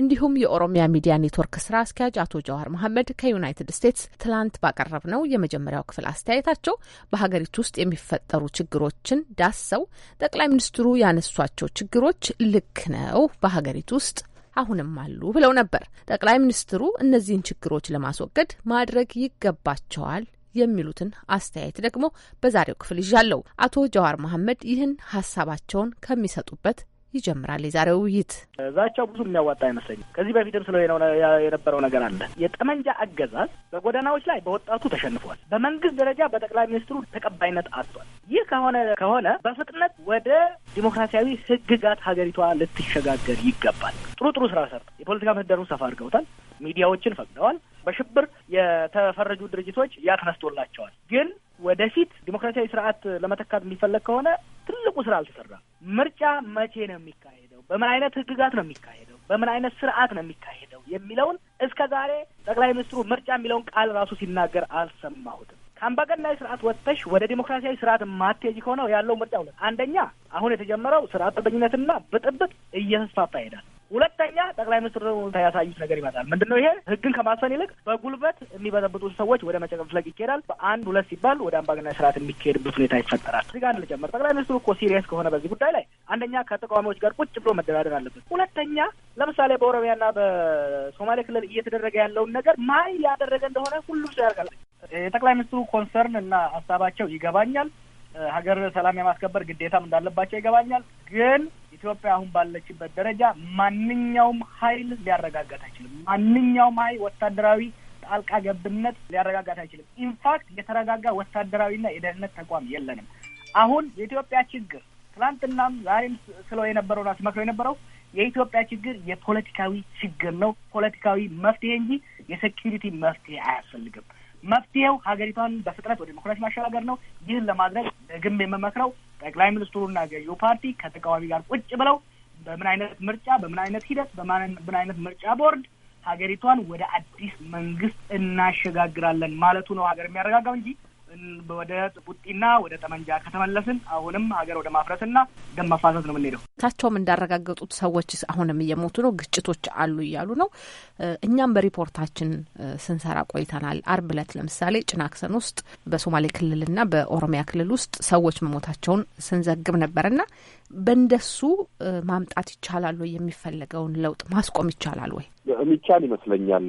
እንዲሁም የኦሮሚያ ሚዲያ ኔትወርክ ስራ አስኪያጅ አቶ ጀዋር መሐመድ ከዩናይትድ ስቴትስ ትላንት ነው የመጀመሪያው ክፍል አስተያየታቸው በሀገሪቱ ውስጥ የሚፈጠሩ ችግሮችን ዳሰው ጠቅላይ ሚኒስትሩ ያነሷቸው ችግሮች ልክ ነው፣ በሀገሪቱ ውስጥ አሁንም አሉ ብለው ነበር። ጠቅላይ ሚኒስትሩ እነዚህን ችግሮች ለማስወገድ ማድረግ ይገባቸዋል የሚሉትን አስተያየት ደግሞ በዛሬው ክፍል ይዣለሁ። አቶ ጀዋር መሐመድ ይህን ሀሳባቸውን ከሚሰጡበት ይጀምራል የዛሬው ውይይት። እዛቻው ብዙ የሚያዋጣ አይመስለኝም። ከዚህ በፊትም ስለ የነበረው ነገር አለ። የጠመንጃ አገዛዝ በጎዳናዎች ላይ በወጣቱ ተሸንፏል። በመንግስት ደረጃ በጠቅላይ ሚኒስትሩ ተቀባይነት አጥቷል። ይህ ከሆነ ከሆነ በፍጥነት ወደ ዲሞክራሲያዊ ህግጋት ሀገሪቷ ልትሸጋገር ይገባል። ጥሩ ጥሩ ስራ ሰርተ የፖለቲካ ምህዳሩን ሰፋ አድርገውታል። ሚዲያዎችን ፈቅደዋል። በሽብር የተፈረጁ ድርጅቶች ያትነስቶላቸዋል ግን ወደፊት ዲሞክራሲያዊ ስርዓት ለመተካት የሚፈለግ ከሆነ ትልቁ ስራ አልተሰራም። ምርጫ መቼ ነው የሚካሄደው፣ በምን አይነት ህግጋት ነው የሚካሄደው፣ በምን አይነት ስርዓት ነው የሚካሄደው የሚለውን እስከ ዛሬ ጠቅላይ ሚኒስትሩ ምርጫ የሚለውን ቃል ራሱ ሲናገር አልሰማሁትም። ከአምባገናዊ ስርዓት ወጥተሽ ወደ ዲሞክራሲያዊ ስርዓት ማቴጅ ከሆነ ያለው ምርጫ ሁለት፣ አንደኛ አሁን የተጀመረው ስርዓት ጠበኝነትና ብጥብጥ እየተስፋፋ ይሄዳል። ሁለተኛ ጠቅላይ ሚኒስትር ያሳዩት ነገር ይመጣል። ነው ይሄ? ህግን ከማስፈን ይልቅ በጉልበት የሚበጠብጡ ሰዎች ወደ መጨፍለቅ ይካሄዳል። በአንድ ሁለት ሲባል ወደ አምባገነን ስርዓት የሚካሄድበት ሁኔታ ይፈጠራል። እዚህ ጋር ልጨምር፣ ጠቅላይ ሚኒስትሩ እኮ ሲሪየስ ከሆነ በዚህ ጉዳይ ላይ አንደኛ ከተቃዋሚዎች ጋር ቁጭ ብሎ መደራደር አለበት። ሁለተኛ ለምሳሌ በኦሮሚያና በሶማሌ ክልል እየተደረገ ያለውን ነገር ማይ ያደረገ እንደሆነ ሁሉም ሰው ያርጋል። የጠቅላይ ሚኒስትሩ ኮንሰርን እና ሀሳባቸው ይገባኛል። ሀገር ሰላም የማስከበር ግዴታም እንዳለባቸው ይገባኛል። ግን ኢትዮጵያ አሁን ባለችበት ደረጃ ማንኛውም ኃይል ሊያረጋጋት አይችልም። ማንኛውም ኃይል ወታደራዊ ጣልቃ ገብነት ሊያረጋጋት አይችልም። ኢንፋክት የተረጋጋ ወታደራዊና የደህንነት ተቋም የለንም። አሁን የኢትዮጵያ ችግር ትላንትናም ዛሬም ስለው የነበረውና ስመክረው የነበረው የኢትዮጵያ ችግር የፖለቲካዊ ችግር ነው። ፖለቲካዊ መፍትሄ እንጂ የሴኪሪቲ መፍትሄ አያስፈልግም። መፍትሄው ሀገሪቷን በፍጥነት ወደ ዲሞክራሲ ማሸጋገር ነው። ይህን ለማድረግ ግም የምመክረው ጠቅላይ ሚኒስትሩና ገዢው ፓርቲ ከተቃዋሚ ጋር ቁጭ ብለው በምን አይነት ምርጫ፣ በምን አይነት ሂደት፣ በምን አይነት ምርጫ ቦርድ ሀገሪቷን ወደ አዲስ መንግስት እናሸጋግራለን ማለቱ ነው ሀገር የሚያረጋጋው እንጂ ወደ ቡጢና ወደ ጠመንጃ ከተመለስን አሁንም ሀገር ወደ ማፍረስና ደም መፋሰስ ነው የምንሄደው። ታቸውም እንዳረጋገጡት ሰዎች አሁንም እየሞቱ ነው፣ ግጭቶች አሉ እያሉ ነው። እኛም በሪፖርታችን ስንሰራ ቆይተናል። አርብ ዕለት ለምሳሌ ጭናክሰን ውስጥ በሶማሌ ክልልና በኦሮሚያ ክልል ውስጥ ሰዎች መሞታቸውን ስንዘግብ ነበርና በእንደሱ ማምጣት ይቻላል ወይ? የሚፈለገውን ለውጥ ማስቆም ይቻላል ወይ? የሚቻል ይመስለኛል።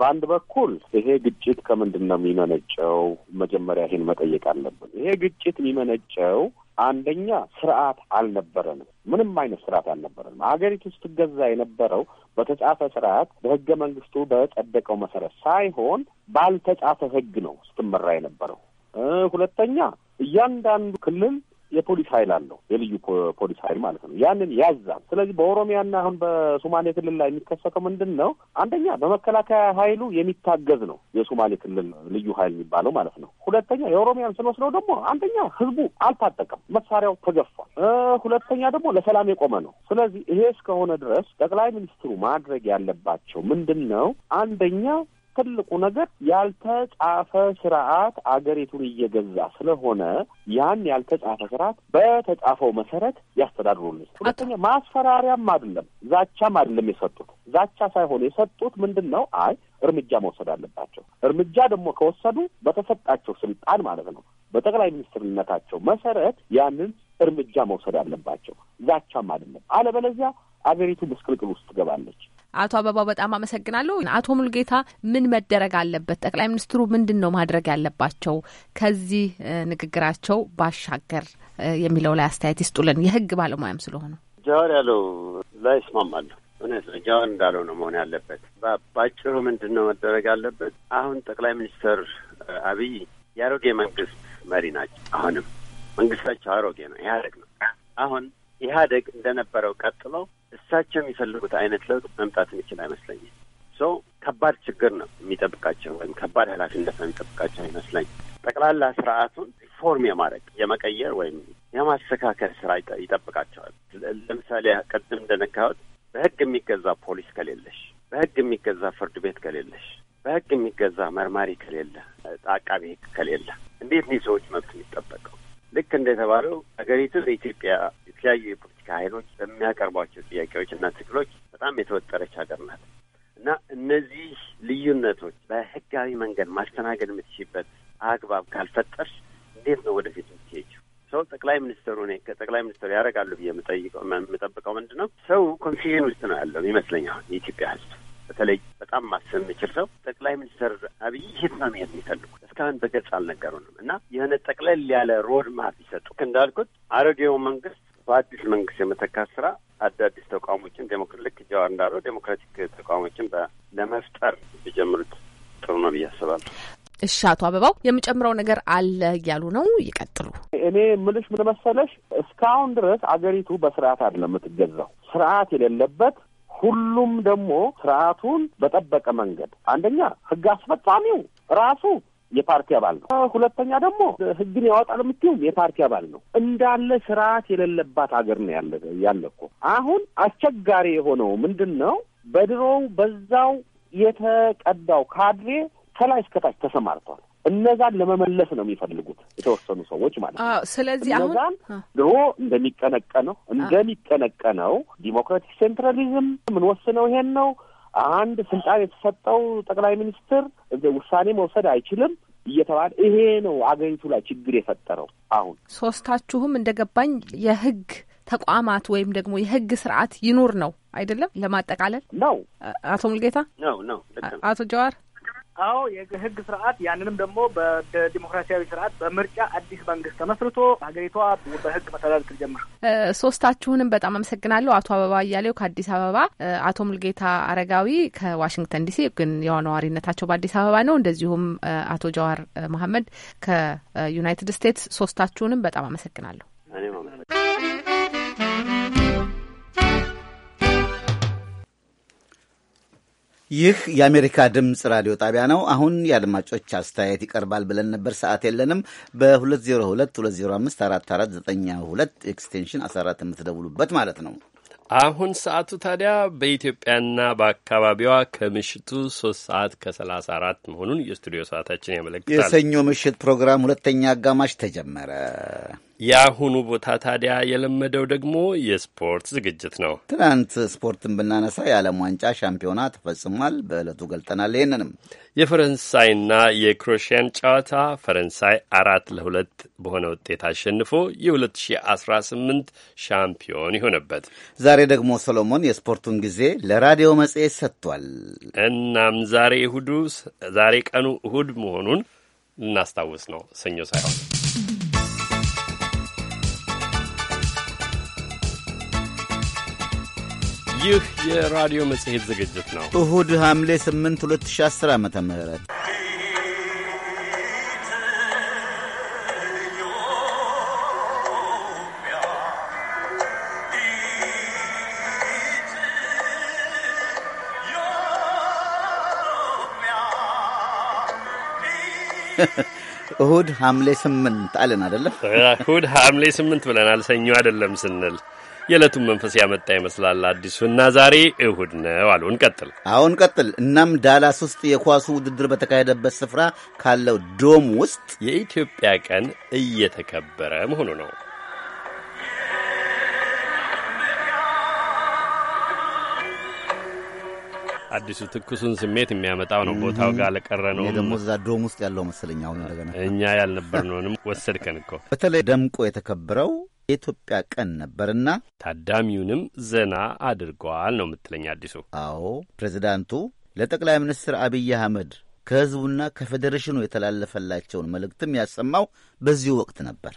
በአንድ በኩል ይሄ ግጭት ከምንድን ነው የሚመነጨው? መጀመሪያ ይሄን መጠየቅ አለብን። ይሄ ግጭት የሚመነጨው አንደኛ ስርዓት አልነበረንም። ምንም አይነት ስርዓት አልነበረንም። አገሪቱ ስትገዛ የነበረው በተጻፈ ስርዓት በህገ መንግስቱ በጸደቀው መሰረት ሳይሆን ባልተጻፈ ህግ ነው ስትመራ የነበረው። ሁለተኛ እያንዳንዱ ክልል የፖሊስ ኃይል አለው የልዩ ፖሊስ ኃይል ማለት ነው። ያንን ያዛል። ስለዚህ በኦሮሚያና አሁን በሶማሌ ክልል ላይ የሚከሰተው ምንድን ነው? አንደኛ በመከላከያ ኃይሉ የሚታገዝ ነው የሶማሌ ክልል ልዩ ኃይል የሚባለው ማለት ነው። ሁለተኛ የኦሮሚያን ስንወስደው ደግሞ አንደኛ ህዝቡ አልታጠቀም፣ መሳሪያው ተገፏል። ሁለተኛ ደግሞ ለሰላም የቆመ ነው። ስለዚህ ይሄ እስከሆነ ድረስ ጠቅላይ ሚኒስትሩ ማድረግ ያለባቸው ምንድን ነው? አንደኛ ትልቁ ነገር ያልተጻፈ ስርዓት አገሪቱን እየገዛ ስለሆነ ያን ያልተጻፈ ስርዓት በተጻፈው መሰረት ያስተዳድሩልኝ። ሁለተኛ ማስፈራሪያም አይደለም ዛቻም አይደለም የሰጡት ዛቻ ሳይሆን የሰጡት ምንድን ነው? አይ እርምጃ መውሰድ አለባቸው። እርምጃ ደግሞ ከወሰዱ በተሰጣቸው ስልጣን ማለት ነው በጠቅላይ ሚኒስትርነታቸው መሰረት ያንን እርምጃ መውሰድ አለባቸው። ዛቻም አይደለም። አለበለዚያ አገሪቱ ምስቅልቅል ውስጥ ትገባለች። አቶ አበባው በጣም አመሰግናለሁ። አቶ ሙልጌታ ምን መደረግ አለበት? ጠቅላይ ሚኒስትሩ ምንድን ነው ማድረግ ያለባቸው ከዚህ ንግግራቸው ባሻገር የሚለው ላይ አስተያየት ይስጡልን። የህግ ባለሙያም ስለሆኑ ጃዋር ያለው ላይ ይስማማለሁ። እውነት ነው። ጃዋር እንዳለው ነው መሆን ያለበት። ባጭሩ ምንድን ነው መደረግ ያለበት? አሁን ጠቅላይ ሚኒስትር አብይ የአሮጌ መንግስት መሪ ናቸው። አሁንም መንግስታቸው አሮጌ ነው፣ ኢህአዴግ ነው። አሁን ኢህአደግ እንደነበረው ቀጥሎ እሳቸው የሚፈልጉት አይነት ለውጥ መምጣት የሚችል አይመስለኝም። ሶ ከባድ ችግር ነው የሚጠብቃቸው ወይም ከባድ ኃላፊነት ነው የሚጠብቃቸው ይመስለኝ ጠቅላላ ስርዓቱን ሪፎርም የማድረግ የመቀየር ወይም የማስተካከል ስራ ይጠብቃቸዋል። ለምሳሌ ቅድም እንደነካሁት በህግ የሚገዛ ፖሊስ ከሌለሽ፣ በህግ የሚገዛ ፍርድ ቤት ከሌለሽ፣ በህግ የሚገዛ መርማሪ ከሌለ፣ አቃቤ ህግ ከሌለ እንዴት ነው የሰዎች መብት የሚጠበቀው? ልክ እንደተባለው ሀገሪቱ በኢትዮጵያ የተለያዩ የፖለቲካ ኃይሎች በሚያቀርቧቸው ጥያቄዎች እና ትግሎች በጣም የተወጠረች ሀገር ናት እና እነዚህ ልዩነቶች በህጋዊ መንገድ ማስተናገድ የምትችበት አግባብ ካልፈጠርሽ እንዴት ነው ወደፊት የምትሄጂው? ሰው ጠቅላይ ሚኒስትሩ እኔ ከጠቅላይ ሚኒስትሩ ያደርጋሉ ብዬ የምጠይቀው የምጠብቀው ምንድን ነው ሰው ኮንፊዥን ውስጥ ነው ያለው ይመስለኛል የኢትዮጵያ ህዝብ በተለይ በጣም ማሰብ የሚችል ሰው ጠቅላይ ሚኒስትር አብይ የት ነው መሄድ የሚፈልጉት እስካሁን በግልጽ አልነገሩንም እና የሆነ ጠቅለል ያለ ሮድ ማፕ ይሰጡ። እንዳልኩት አሮጌው መንግስት በአዲስ መንግስት የመተካት ስራ አዳዲስ ተቋሞችን ዴሞክራ ልክ ጀዋር እንዳለው ዴሞክራቲክ ተቋሞችን ለመፍጠር የጀምሩት ጥሩ ነው ብዬ አስባለሁ። እሺ አቶ አበባው የምጨምረው ነገር አለ እያሉ ነው፣ ይቀጥሉ። እኔ ምልሽ ምን መሰለሽ፣ እስካሁን ድረስ አገሪቱ በስርዓት አይደለም የምትገዛው። ስርዓት የሌለበት ሁሉም ደግሞ ስርዓቱን በጠበቀ መንገድ አንደኛ ህግ አስፈጻሚው ራሱ የፓርቲ አባል ነው። ሁለተኛ ደግሞ ህግን ያወጣል የምትውም የፓርቲ አባል ነው። እንዳለ ስርዓት የሌለባት ሀገር ነው ያለ ያለ እኮ አሁን አስቸጋሪ የሆነው ምንድን ነው? በድሮው በዛው የተቀዳው ካድሬ ከላይ እስከታች ተሰማርቷል። እነዛን ለመመለስ ነው የሚፈልጉት የተወሰኑ ሰዎች ማለት ነው። ስለዚህ እነዛን ድሮ እንደሚቀነቀነው እንደሚቀነቀነው ዲሞክራቲክ ሴንትራሊዝም የምንወስነው ይሄን ነው። አንድ ስልጣን የተሰጠው ጠቅላይ ሚኒስትር ውሳኔ መውሰድ አይችልም እየተባለ ይሄ ነው አገሪቱ ላይ ችግር የፈጠረው። አሁን ሶስታችሁም እንደ ገባኝ የህግ ተቋማት ወይም ደግሞ የህግ ስርዓት ይኑር ነው አይደለም? ለማጠቃለል ነው። አቶ ሙልጌታ ነው ነው አቶ ጀዋር አዎ የህግ ስርዓት ያንንም ደግሞ በዲሞክራሲያዊ ስርዓት በምርጫ አዲስ መንግስት ተመስርቶ ሀገሪቷ በህግ መተዳደር ትጀምር። ሶስታችሁንም በጣም አመሰግናለሁ። አቶ አበባ እያሌው ከአዲስ አበባ፣ አቶ ሙልጌታ አረጋዊ ከዋሽንግተን ዲሲ ግን ያው ነዋሪነታቸው በአዲስ አበባ ነው፣ እንደዚሁም አቶ ጀዋር መሀመድ ከዩናይትድ ስቴትስ። ሶስታችሁንም በጣም አመሰግናለሁ። ይህ የአሜሪካ ድምፅ ራዲዮ ጣቢያ ነው። አሁን የአድማጮች አስተያየት ይቀርባል ብለን ነበር፣ ሰዓት የለንም። በ2022054492 ኤክስቴንሽን 14 የምትደውሉበት ማለት ነው። አሁን ሰዓቱ ታዲያ በኢትዮጵያና በአካባቢዋ ከምሽቱ ሶስት ሰዓት ከሰላሳ አራት መሆኑን የስቱዲዮ ሰዓታችን ያመለክታል። የሰኞ ምሽት ፕሮግራም ሁለተኛ አጋማሽ ተጀመረ። የአሁኑ ቦታ ታዲያ የለመደው ደግሞ የስፖርት ዝግጅት ነው። ትናንት ስፖርትን ብናነሳ የዓለም ዋንጫ ሻምፒዮና ተፈጽሟል። በዕለቱ ገልጠናል። ይህንንም የፈረንሳይና የክሮሽያን ጨዋታ ፈረንሳይ አራት ለሁለት በሆነ ውጤት አሸንፎ የ2018 ሻምፒዮን ይሆነበት ዛሬ ደግሞ ሰሎሞን የስፖርቱን ጊዜ ለራዲዮ መጽሔት ሰጥቷል። እናም ዛሬ እሁዱ ዛሬ ቀኑ እሁድ መሆኑን ልናስታውስ ነው ሰኞ ሳይሆን ይህ የራዲዮ መጽሔት ዝግጅት ነው። እሁድ ሐምሌ 8 2010 ዓ ም እሁድ ሐምሌ ስምንት አለን አደለም? እሁድ ሐምሌ ስምንት ብለናል። ሰኞ አይደለም ስንል የዕለቱን መንፈስ ያመጣ ይመስላል አዲሱ እና ዛሬ እሁድ ነው አሉን። ቀጥል፣ አሁን ቀጥል። እናም ዳላስ ውስጥ የኳሱ ውድድር በተካሄደበት ስፍራ ካለው ዶም ውስጥ የኢትዮጵያ ቀን እየተከበረ መሆኑ ነው። አዲሱ ትኩሱን ስሜት የሚያመጣው ነው። ቦታው ጋር ለቀረ ነው። ደግሞ እዛ ዶም ውስጥ ያለው መሰለኝ። አሁን እንደገና እኛ ያልነበር ነውንም ወሰድከን እኮ። በተለይ ደምቆ የተከበረው የኢትዮጵያ ቀን ነበርና ታዳሚውንም ዘና አድርገዋል ነው የምትለኝ አዲሱ? አዎ ፕሬዚዳንቱ ለጠቅላይ ሚኒስትር አብይ አህመድ ከህዝቡና ከፌዴሬሽኑ የተላለፈላቸውን መልእክትም ያሰማው በዚሁ ወቅት ነበር።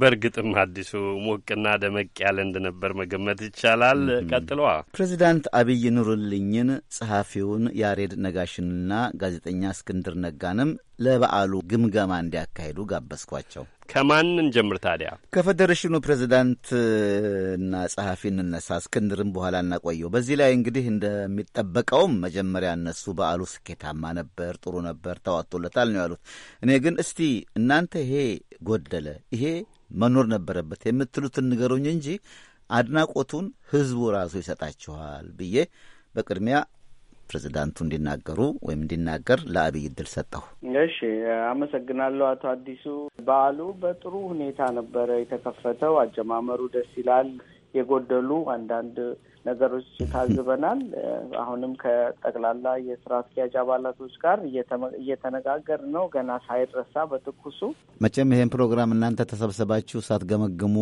በእርግጥም አዲሱ ሞቅና ደመቅ ያለ እንደነበር መገመት ይቻላል። ቀጥሏ ፕሬዚዳንት አብይ ኑርልኝን ጸሐፊውን ያሬድ ነጋሽንና ጋዜጠኛ እስክንድር ነጋንም ለበዓሉ ግምገማ እንዲያካሂዱ ጋበዝኳቸው። ከማንን ጀምር ታዲያ? ከፌዴሬሽኑ ፕሬዚዳንትና ጸሐፊ እንነሳ፣ እስክንድርም በኋላ እናቆየው። በዚህ ላይ እንግዲህ እንደሚጠበቀውም መጀመሪያ እነሱ በዓሉ ስኬታማ ነበር፣ ጥሩ ነበር፣ ተዋጥቶለታል ነው ያሉት። እኔ ግን እስቲ እናንተ ይሄ ጎደለ ይሄ መኖር ነበረበት የምትሉትን ንገሩኝ እንጂ አድናቆቱን ህዝቡ ራሱ ይሰጣችኋል ብዬ በቅድሚያ ፕሬዚዳንቱ እንዲናገሩ ወይም እንዲናገር ለአብይ እድል ሰጠሁ። እሺ፣ አመሰግናለሁ አቶ አዲሱ። በዓሉ በጥሩ ሁኔታ ነበረ የተከፈተው። አጀማመሩ ደስ ይላል። የጎደሉ አንዳንድ ነገሮች ታዝበናል። አሁንም ከጠቅላላ የስራ አስኪያጅ አባላቶች ጋር እየተነጋገር ነው ገና ሳይረሳ በትኩሱ። መቼም ይሄን ፕሮግራም እናንተ ተሰብስባችሁ ሳትገመግሙ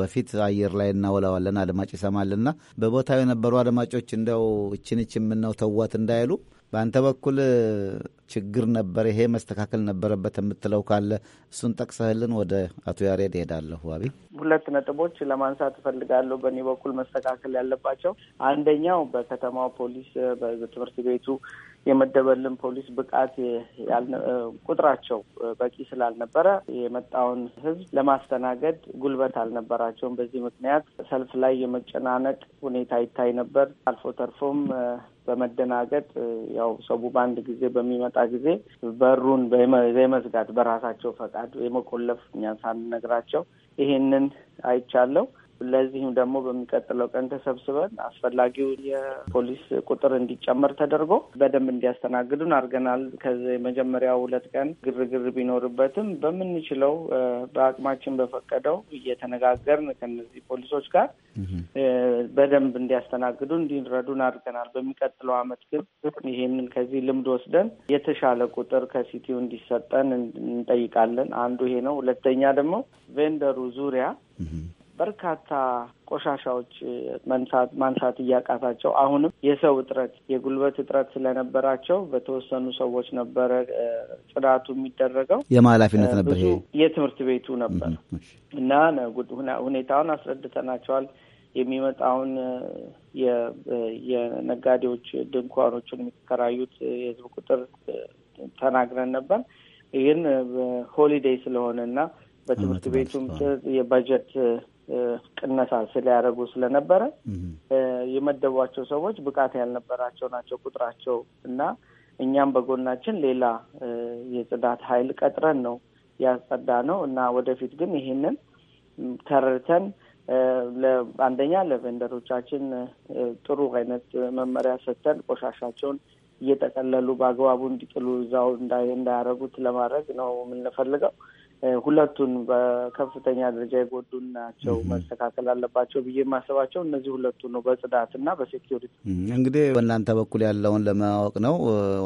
በፊት አየር ላይ እናወላዋለን፣ አድማጭ ይሰማልና በቦታው የነበሩ አድማጮች እንደው እችን እች የምናው ተዋት እንዳይሉ በአንተ በኩል ችግር ነበረ፣ ይሄ መስተካከል ነበረበት የምትለው ካለ እሱን ጠቅሰህልን ወደ አቶ ያሬድ ሄዳለሁ። አቢ ሁለት ነጥቦች ለማንሳት እፈልጋለሁ በእኔ በኩል መስተካከል ያለባቸው አንደኛው በከተማው ፖሊስ በትምህርት ቤቱ የመደበልን ፖሊስ ብቃት ቁጥራቸው በቂ ስላልነበረ የመጣውን ሕዝብ ለማስተናገድ ጉልበት አልነበራቸውም። በዚህ ምክንያት ሰልፍ ላይ የመጨናነቅ ሁኔታ ይታይ ነበር። አልፎ ተርፎም በመደናገጥ ያው ሰቡ በአንድ ጊዜ በሚመጣ ጊዜ በሩን የመዝጋት በራሳቸው ፈቃድ የመቆለፍ እኛን ሳንነግራቸው ይሄንን አይቻለው። ለዚህም ደግሞ በሚቀጥለው ቀን ተሰብስበን አስፈላጊው የፖሊስ ቁጥር እንዲጨመር ተደርጎ በደንብ እንዲያስተናግዱን አድርገናል። ከዚ የመጀመሪያው ሁለት ቀን ግርግር ቢኖርበትም በምንችለው በአቅማችን በፈቀደው እየተነጋገርን ከነዚህ ፖሊሶች ጋር በደንብ እንዲያስተናግዱ እንዲረዱን አድርገናል። በሚቀጥለው አመት ግን ይሄንን ከዚህ ልምድ ወስደን የተሻለ ቁጥር ከሲቲው እንዲሰጠን እንጠይቃለን። አንዱ ይሄ ነው። ሁለተኛ ደግሞ ቬንደሩ ዙሪያ በርካታ ቆሻሻዎች መንሳት ማንሳት እያቃታቸው አሁንም የሰው እጥረት የጉልበት እጥረት ስለነበራቸው በተወሰኑ ሰዎች ነበረ ጽዳቱ የሚደረገው። የማላፊነት ነበር የትምህርት ቤቱ ነበር እና ሁኔታውን አስረድተናቸዋል። የሚመጣውን የነጋዴዎች ድንኳኖችን የሚከራዩት የህዝብ ቁጥር ተናግረን ነበር። ይህን ሆሊዴይ ስለሆነ እና በትምህርት ቤቱም የበጀት ቅነሳ ስለያደረጉ ስለነበረ የመደቧቸው ሰዎች ብቃት ያልነበራቸው ናቸው ቁጥራቸው እና እኛም በጎናችን ሌላ የጽዳት ኃይል ቀጥረን ነው ያጸዳ ነው እና ወደፊት ግን ይህንን ተረድተን አንደኛ ለቬንደሮቻችን ጥሩ አይነት መመሪያ ሰጥተን ቆሻሻቸውን እየጠቀለሉ በአግባቡ እንዲጥሉ እዛው እንዳያደረጉት ለማድረግ ነው የምንፈልገው። ሁለቱን በከፍተኛ ደረጃ የጎዱ ናቸው መስተካከል አለባቸው ብዬ የማስባቸው እነዚህ ሁለቱ ነው፣ በጽዳት እና በሴኪሪቲ። እንግዲህ በእናንተ በኩል ያለውን ለማወቅ ነው።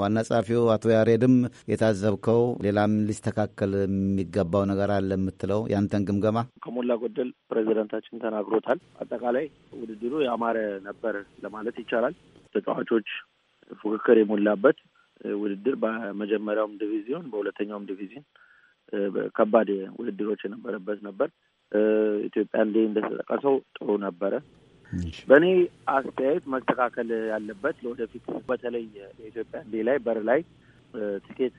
ዋና ጸሐፊው አቶ ያሬድም የታዘብከው ሌላም ሊስተካከል የሚገባው ነገር አለ የምትለው ያንተን ግምገማ? ከሞላ ጎደል ፕሬዚደንታችን ተናግሮታል። አጠቃላይ ውድድሩ ያማረ ነበር ለማለት ይቻላል። ተጫዋቾች ፉክክር የሞላበት ውድድር በመጀመሪያውም ዲቪዚዮን በሁለተኛውም ዲቪዚዮን ከባድ ውድድሮች የነበረበት ነበር። ኢትዮጵያ እንዴ እንደተጠቀሰው ጥሩ ነበረ። በእኔ አስተያየት መስተካከል ያለበት ለወደፊት በተለይ የኢትዮጵያ እንዴ ላይ በር ላይ ትኬት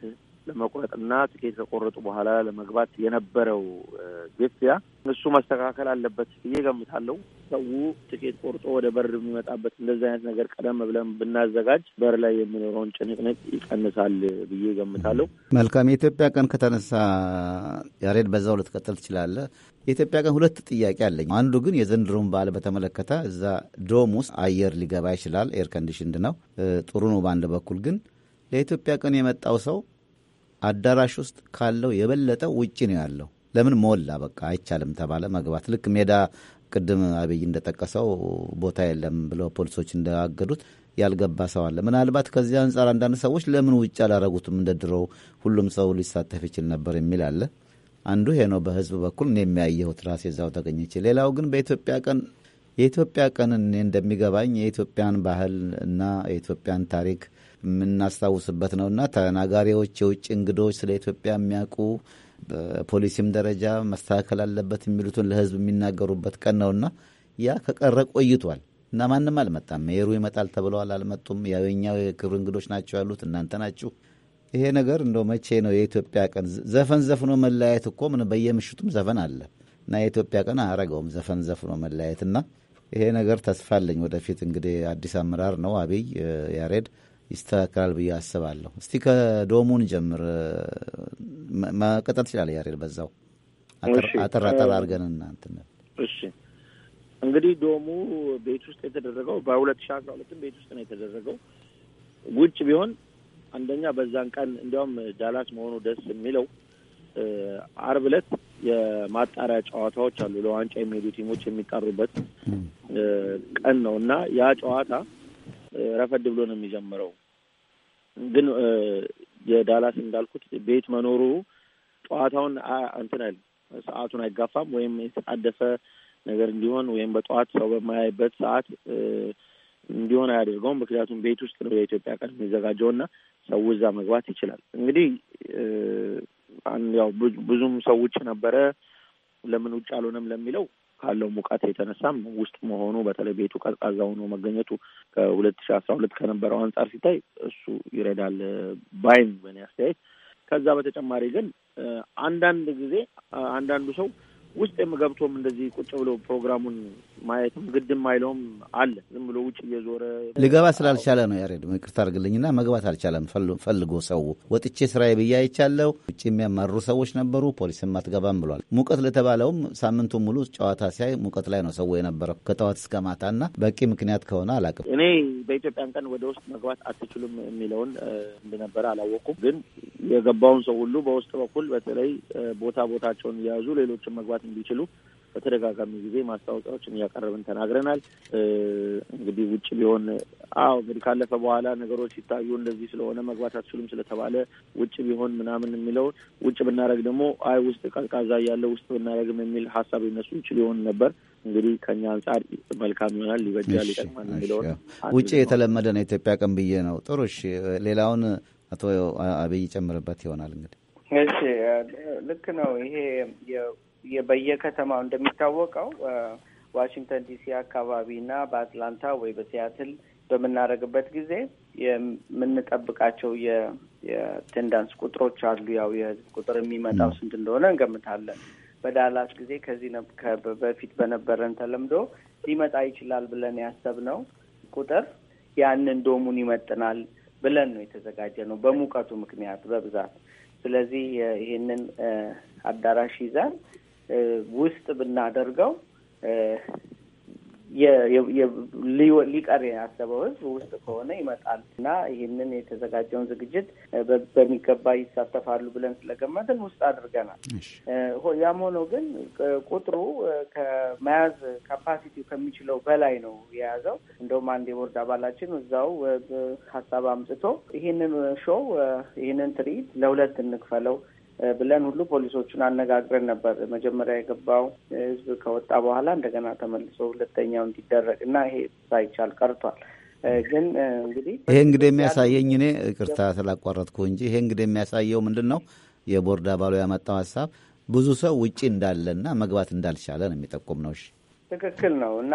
ለመቁረጥና ትኬት ከቆረጡ በኋላ ለመግባት የነበረው ግፊያ እሱ መስተካከል አለበት ብዬ ገምታለሁ። ሰው ትኬት ቆርጦ ወደ በር የሚመጣበት እንደዚህ አይነት ነገር ቀደም ብለን ብናዘጋጅ በር ላይ የሚኖረውን ጭንቅንቅ ይቀንሳል ብዬ ገምታለሁ። መልካም። የኢትዮጵያ ቀን ከተነሳ ያሬድ፣ በዛው ልትቀጥል ትችላለህ። የኢትዮጵያ ቀን ሁለት ጥያቄ አለኝ። አንዱ ግን የዘንድሮን በዓል በተመለከተ እዛ ዶም ውስጥ አየር ሊገባ ይችላል፣ ኤር ኮንዲሽንድ ነው፣ ጥሩ ነው በአንድ በኩል ግን ለኢትዮጵያ ቀን የመጣው ሰው አዳራሽ ውስጥ ካለው የበለጠ ውጭ ነው ያለው። ለምን ሞላ፣ በቃ አይቻልም ተባለ መግባት። ልክ ሜዳ ቅድም አብይ እንደጠቀሰው ቦታ የለም ብለው ፖሊሶች እንዳገዱት ያልገባ ሰው አለ። ምናልባት ከዚህ አንጻር አንዳንድ ሰዎች ለምን ውጭ አላረጉትም እንደ ድሮው ሁሉም ሰው ሊሳተፍ ይችል ነበር የሚል አለ። አንዱ ይሄ ነው። በህዝብ በኩል እኔ የሚያየሁት ራሴ እዛው ተገኘች። ሌላው ግን በኢትዮጵያ ቀን የኢትዮጵያ ቀን እኔ እንደሚገባኝ የኢትዮጵያን ባህል እና የኢትዮጵያን ታሪክ የምናስታውስበት ነውና ተናጋሪዎች የውጭ እንግዶች ስለ ኢትዮጵያ የሚያውቁ በፖሊሲም ደረጃ መስተካከል አለበት የሚሉትን ለህዝብ የሚናገሩበት ቀን ነውና ያ ከቀረ ቆይቷል እና ማንም አልመጣም። ሜሩ ይመጣል ተብለዋል፣ አልመጡም። የኛው የክብር እንግዶች ናቸው ያሉት እናንተ ናችሁ። ይሄ ነገር እንደው መቼ ነው የኢትዮጵያ ቀን? ዘፈን ዘፍኖ መለያየት እኮ ምን በየምሽቱም ዘፈን አለ እና የኢትዮጵያ ቀን አረገውም ዘፈን ዘፍኖ መለያየት ይሄ ነገር ተስፋለኝ ወደፊት እንግዲህ አዲስ አመራር ነው አብይ ያሬድ ይስተካከላል ብዬ አስባለሁ። እስቲ ከዶሙን ጀምር፣ መቀጠል ትችላለህ ያሬል። በዛው አጠር አጠር አድርገን እናንትን እሺ። እንግዲህ ዶሙ ቤት ውስጥ የተደረገው በሁለት ሺህ አስራ ሁለትም ቤት ውስጥ ነው የተደረገው። ውጭ ቢሆን አንደኛ በዛን ቀን እንዲያውም ዳላስ መሆኑ ደስ የሚለው አርብ ዕለት የማጣሪያ ጨዋታዎች አሉ። ለዋንጫ የሚሄዱ ቲሞች የሚጠሩበት ቀን ነው እና ያ ጨዋታ ረፈድ ብሎ ነው የሚጀምረው። ግን የዳላስ እንዳልኩት ቤት መኖሩ ጨዋታውን እንትን አይል ሰዓቱን አይጋፋም ወይም የተጣደፈ ነገር እንዲሆን ወይም በጠዋት ሰው በማያይበት ሰዓት እንዲሆን አያደርገውም። ምክንያቱም ቤት ውስጥ ነው የኢትዮጵያ ቀን የሚዘጋጀው እና ሰው እዛ መግባት ይችላል። እንግዲህ ያው ብዙም ሰው ውጭ ነበረ ለምን ውጭ አልሆነም ለሚለው ካለው ሙቀት የተነሳም ውስጥ መሆኑ በተለይ ቤቱ ቀዝቃዛ ሆኖ መገኘቱ ከሁለት ሺ አስራ ሁለት ከነበረው አንጻር ሲታይ እሱ ይረዳል ባይን በእኔ አስተያየት። ከዛ በተጨማሪ ግን አንዳንድ ጊዜ አንዳንዱ ሰው ውስጥ ገብቶም እንደዚህ ቁጭ ብሎ ፕሮግራሙን ማየትም ግድም አይለውም አለ። ዝም ብሎ ውጭ እየዞረ ልገባ ስላልቻለ ነው። ያሬድ ይቅርታ አድርግልኝና መግባት አልቻለም ፈልጎ ሰው ወጥቼ ስራዬ ብዬ አይቻለሁ። ውጭ የሚያማርሩ ሰዎች ነበሩ። ፖሊስም አትገባም ብሏል። ሙቀት ለተባለውም ሳምንቱ ሙሉ ጨዋታ ሲያይ ሙቀት ላይ ነው ሰው የነበረው ከጠዋት እስከ ማታና በቂ ምክንያት ከሆነ አላውቅም። እኔ በኢትዮጵያን ቀን ወደ ውስጥ መግባት አትችሉም የሚለውን እንደነበረ አላወኩም። ግን የገባውን ሰው ሁሉ በውስጥ በኩል በተለይ ቦታ ቦታቸውን እያያዙ ሌሎችን መግባት እንዲችሉ በተደጋጋሚ ጊዜ ማስታወቂያዎችን እያቀረብን ተናግረናል። እንግዲህ ውጭ ቢሆን አዎ እንግዲህ ካለፈ በኋላ ነገሮች ሲታዩ እንደዚህ ስለሆነ መግባት አትችሉም ስለተባለ ውጭ ቢሆን ምናምን የሚለውን ውጭ ብናደረግ ደግሞ አይ ውስጥ ቀዝቃዛ እያለ ውስጥ ብናደረግም የሚል ሀሳብ የነሱ ውጭ ሊሆን ነበር። እንግዲህ ከኛ አንጻር መልካም ይሆናል፣ ሊበጃል፣ ይጠቅማል የሚለውን ውጭ የተለመደ ነው። ኢትዮጵያ ቀን ብዬ ነው ጥሩ። እሺ ሌላውን አቶ አብይ ይጨምርበት ይሆናል እንግዲህ። እሺ ልክ ነው። ይሄ በየከተማው እንደሚታወቀው ዋሽንግተን ዲሲ አካባቢና በአትላንታ ወይ በሲያትል በምናደርግበት ጊዜ የምንጠብቃቸው የቴንዳንስ ቁጥሮች አሉ። ያው የህዝብ ቁጥር የሚመጣው ስንት እንደሆነ እንገምታለን። በዳላስ ጊዜ ከዚህ በፊት በነበረን ተለምዶ ሊመጣ ይችላል ብለን ያሰብነው ቁጥር ያንን ዶሙን ይመጥናል ብለን ነው የተዘጋጀ ነው በሙቀቱ ምክንያት በብዛት። ስለዚህ ይህንን አዳራሽ ይዘን ውስጥ ብናደርገው ሊቀር ያሰበው ህዝብ ውስጥ ከሆነ ይመጣል እና ይህንን የተዘጋጀውን ዝግጅት በሚገባ ይሳተፋሉ ብለን ስለገመትን ውስጥ አድርገናል። ያም ሆኖ ግን ቁጥሩ ከመያዝ ካፓሲቲው ከሚችለው በላይ ነው የያዘው። እንደውም አንድ የቦርድ አባላችን እዛው ሀሳብ አምጥቶ ይህንን ሾው ይህንን ትርኢት ለሁለት እንክፈለው ብለን ሁሉ ፖሊሶቹን አነጋግረን ነበር። መጀመሪያ የገባው ህዝብ ከወጣ በኋላ እንደገና ተመልሶ ሁለተኛው እንዲደረግ እና ይሄ ሳይቻል ቀርቷል። ግን እንግዲህ ይሄ እንግዲህ የሚያሳየኝ እኔ ቅርታ ስላቋረጥኩ እንጂ ይሄ እንግዲህ የሚያሳየው ምንድን ነው የቦርድ አባሉ ያመጣው ሀሳብ ብዙ ሰው ውጪ እንዳለና መግባት እንዳልቻለ ነው የሚጠቁም ነው። እሺ ትክክል ነው። እና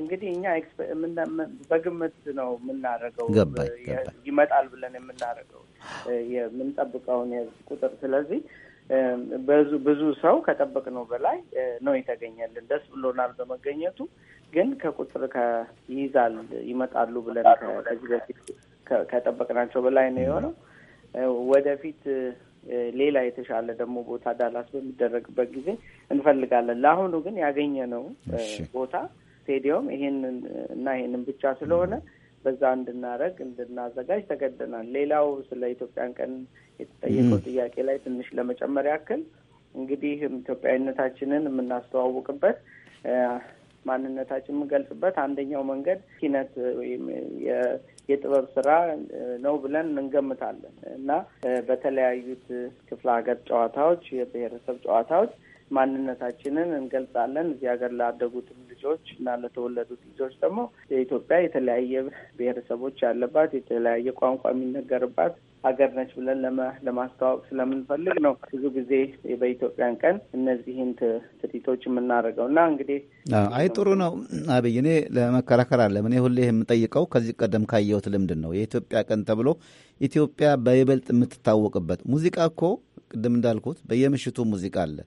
እንግዲህ እኛ በግምት ነው የምናደርገው ይመጣል ብለን የምናደርገው የምንጠብቀውን የህዝብ ቁጥር ስለዚህ ብዙ ሰው ከጠበቅ ነው በላይ ነው የተገኘልን። ደስ ብሎናል በመገኘቱ። ግን ከቁጥር ይይዛል ይመጣሉ ብለን ከዚህ በፊት ከጠበቅናቸው በላይ ነው የሆነው። ወደፊት ሌላ የተሻለ ደግሞ ቦታ ዳላስ በሚደረግበት ጊዜ እንፈልጋለን። ለአሁኑ ግን ያገኘነው ቦታ ስቴዲየም ይሄንን እና ይሄንን ብቻ ስለሆነ በዛ እንድናረግ እንድናዘጋጅ ተገደናል። ሌላው ስለ ኢትዮጵያን ቀን የተጠየቀው ጥያቄ ላይ ትንሽ ለመጨመር ያክል እንግዲህ ኢትዮጵያዊነታችንን የምናስተዋውቅበት ማንነታችን የምንገልጽበት አንደኛው መንገድ ኪነት ወይም የጥበብ ስራ ነው ብለን እንገምታለን እና በተለያዩት ክፍለ ሀገር ጨዋታዎች፣ የብሔረሰብ ጨዋታዎች ማንነታችንን እንገልጻለን። እዚህ ሀገር ላደጉትም ልጆች እና ለተወለዱት ልጆች ደግሞ የኢትዮጵያ የተለያየ ብሔረሰቦች ያለባት የተለያየ ቋንቋ የሚነገርባት ሀገር ነች ብለን ለማስተዋወቅ ስለምንፈልግ ነው ብዙ ጊዜ በኢትዮጵያን ቀን እነዚህን ትርኢቶች የምናደርገው እና እንግዲህ አይ ጥሩ ነው አብይ። እኔ ለመከራከር አለ እኔ ሁሌ የምጠይቀው ከዚህ ቀደም ካየሁት ልምድን ነው የኢትዮጵያ ቀን ተብሎ ኢትዮጵያ በይበልጥ የምትታወቅበት ሙዚቃ እኮ ቅድም እንዳልኩት በየምሽቱ ሙዚቃ አለ።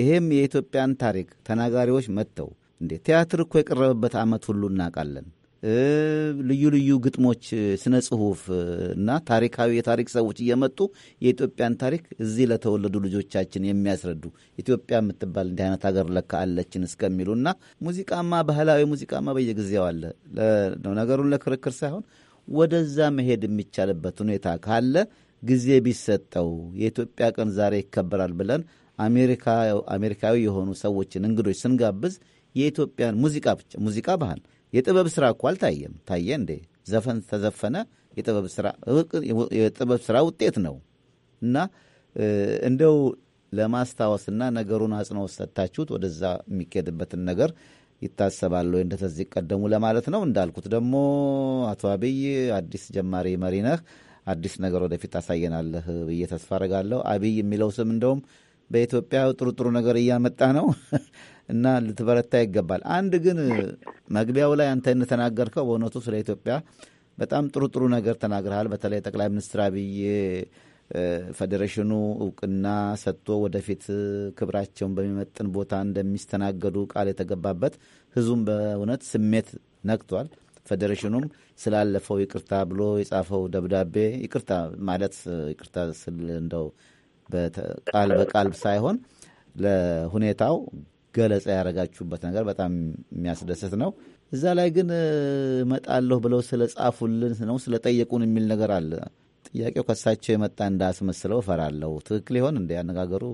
ይሄም የኢትዮጵያን ታሪክ ተናጋሪዎች መጥተው እንዴ ቲያትር እኮ የቀረበበት አመት ሁሉ እናውቃለን። ልዩ ልዩ ግጥሞች፣ ስነ ጽሁፍ እና ታሪካዊ የታሪክ ሰዎች እየመጡ የኢትዮጵያን ታሪክ እዚህ ለተወለዱ ልጆቻችን የሚያስረዱ ኢትዮጵያ የምትባል እንዲህ አይነት ሀገር ለካ አለችን እስከሚሉ እና ሙዚቃማ ባህላዊ ሙዚቃማ በየጊዜው አለ። ነገሩን ለክርክር ሳይሆን ወደዛ መሄድ የሚቻልበት ሁኔታ ካለ ጊዜ ቢሰጠው የኢትዮጵያ ቀን ዛሬ ይከበራል ብለን አሜሪካዊ የሆኑ ሰዎችን እንግዶች ስንጋብዝ የኢትዮጵያን ሙዚቃ ብቻ ሙዚቃ ባህል የጥበብ ስራ እኮ አልታየም። ታየ እንዴ? ዘፈን ተዘፈነ፣ የጥበብ ስራ ውጤት ነው። እና እንደው ለማስታወስና ነገሩን አጽንኦት ሰጥታችሁት ወደዛ የሚኬድበትን ነገር ይታሰባሉ ወይ እንደተዚህ ቀደሙ ለማለት ነው። እንዳልኩት ደግሞ አቶ አብይ አዲስ ጀማሪ መሪ ነህ፣ አዲስ ነገር ወደፊት ታሳየናለህ ብዬ ተስፋ አረጋለሁ። አብይ የሚለው ስም እንደውም በኢትዮጵያ ጥሩ ጥሩ ነገር እያመጣ ነው። እና ልትበረታ ይገባል። አንድ ግን መግቢያው ላይ አንተ እንደተናገርከው በእውነቱ ስለ ኢትዮጵያ በጣም ጥሩ ጥሩ ነገር ተናግረሃል። በተለይ ጠቅላይ ሚኒስትር አብይ ፌዴሬሽኑ እውቅና ሰጥቶ ወደፊት ክብራቸውን በሚመጥን ቦታ እንደሚስተናገዱ ቃል የተገባበት ህዝቡም በእውነት ስሜት ነክቷል። ፌዴሬሽኑም ስላለፈው ይቅርታ ብሎ የጻፈው ደብዳቤ ይቅርታ ማለት ይቅርታ ስል እንደው ቃል በቃል ሳይሆን ለሁኔታው ገለጻ ያደረጋችሁበት ነገር በጣም የሚያስደስት ነው። እዛ ላይ ግን እመጣለሁ ብለው ስለጻፉልን ነው ስለጠየቁን የሚል ነገር አለ። ጥያቄው ከሳቸው የመጣ እንዳስመስለው እፈራለሁ። ትክክል ይሆን እንደ ያነጋገሩ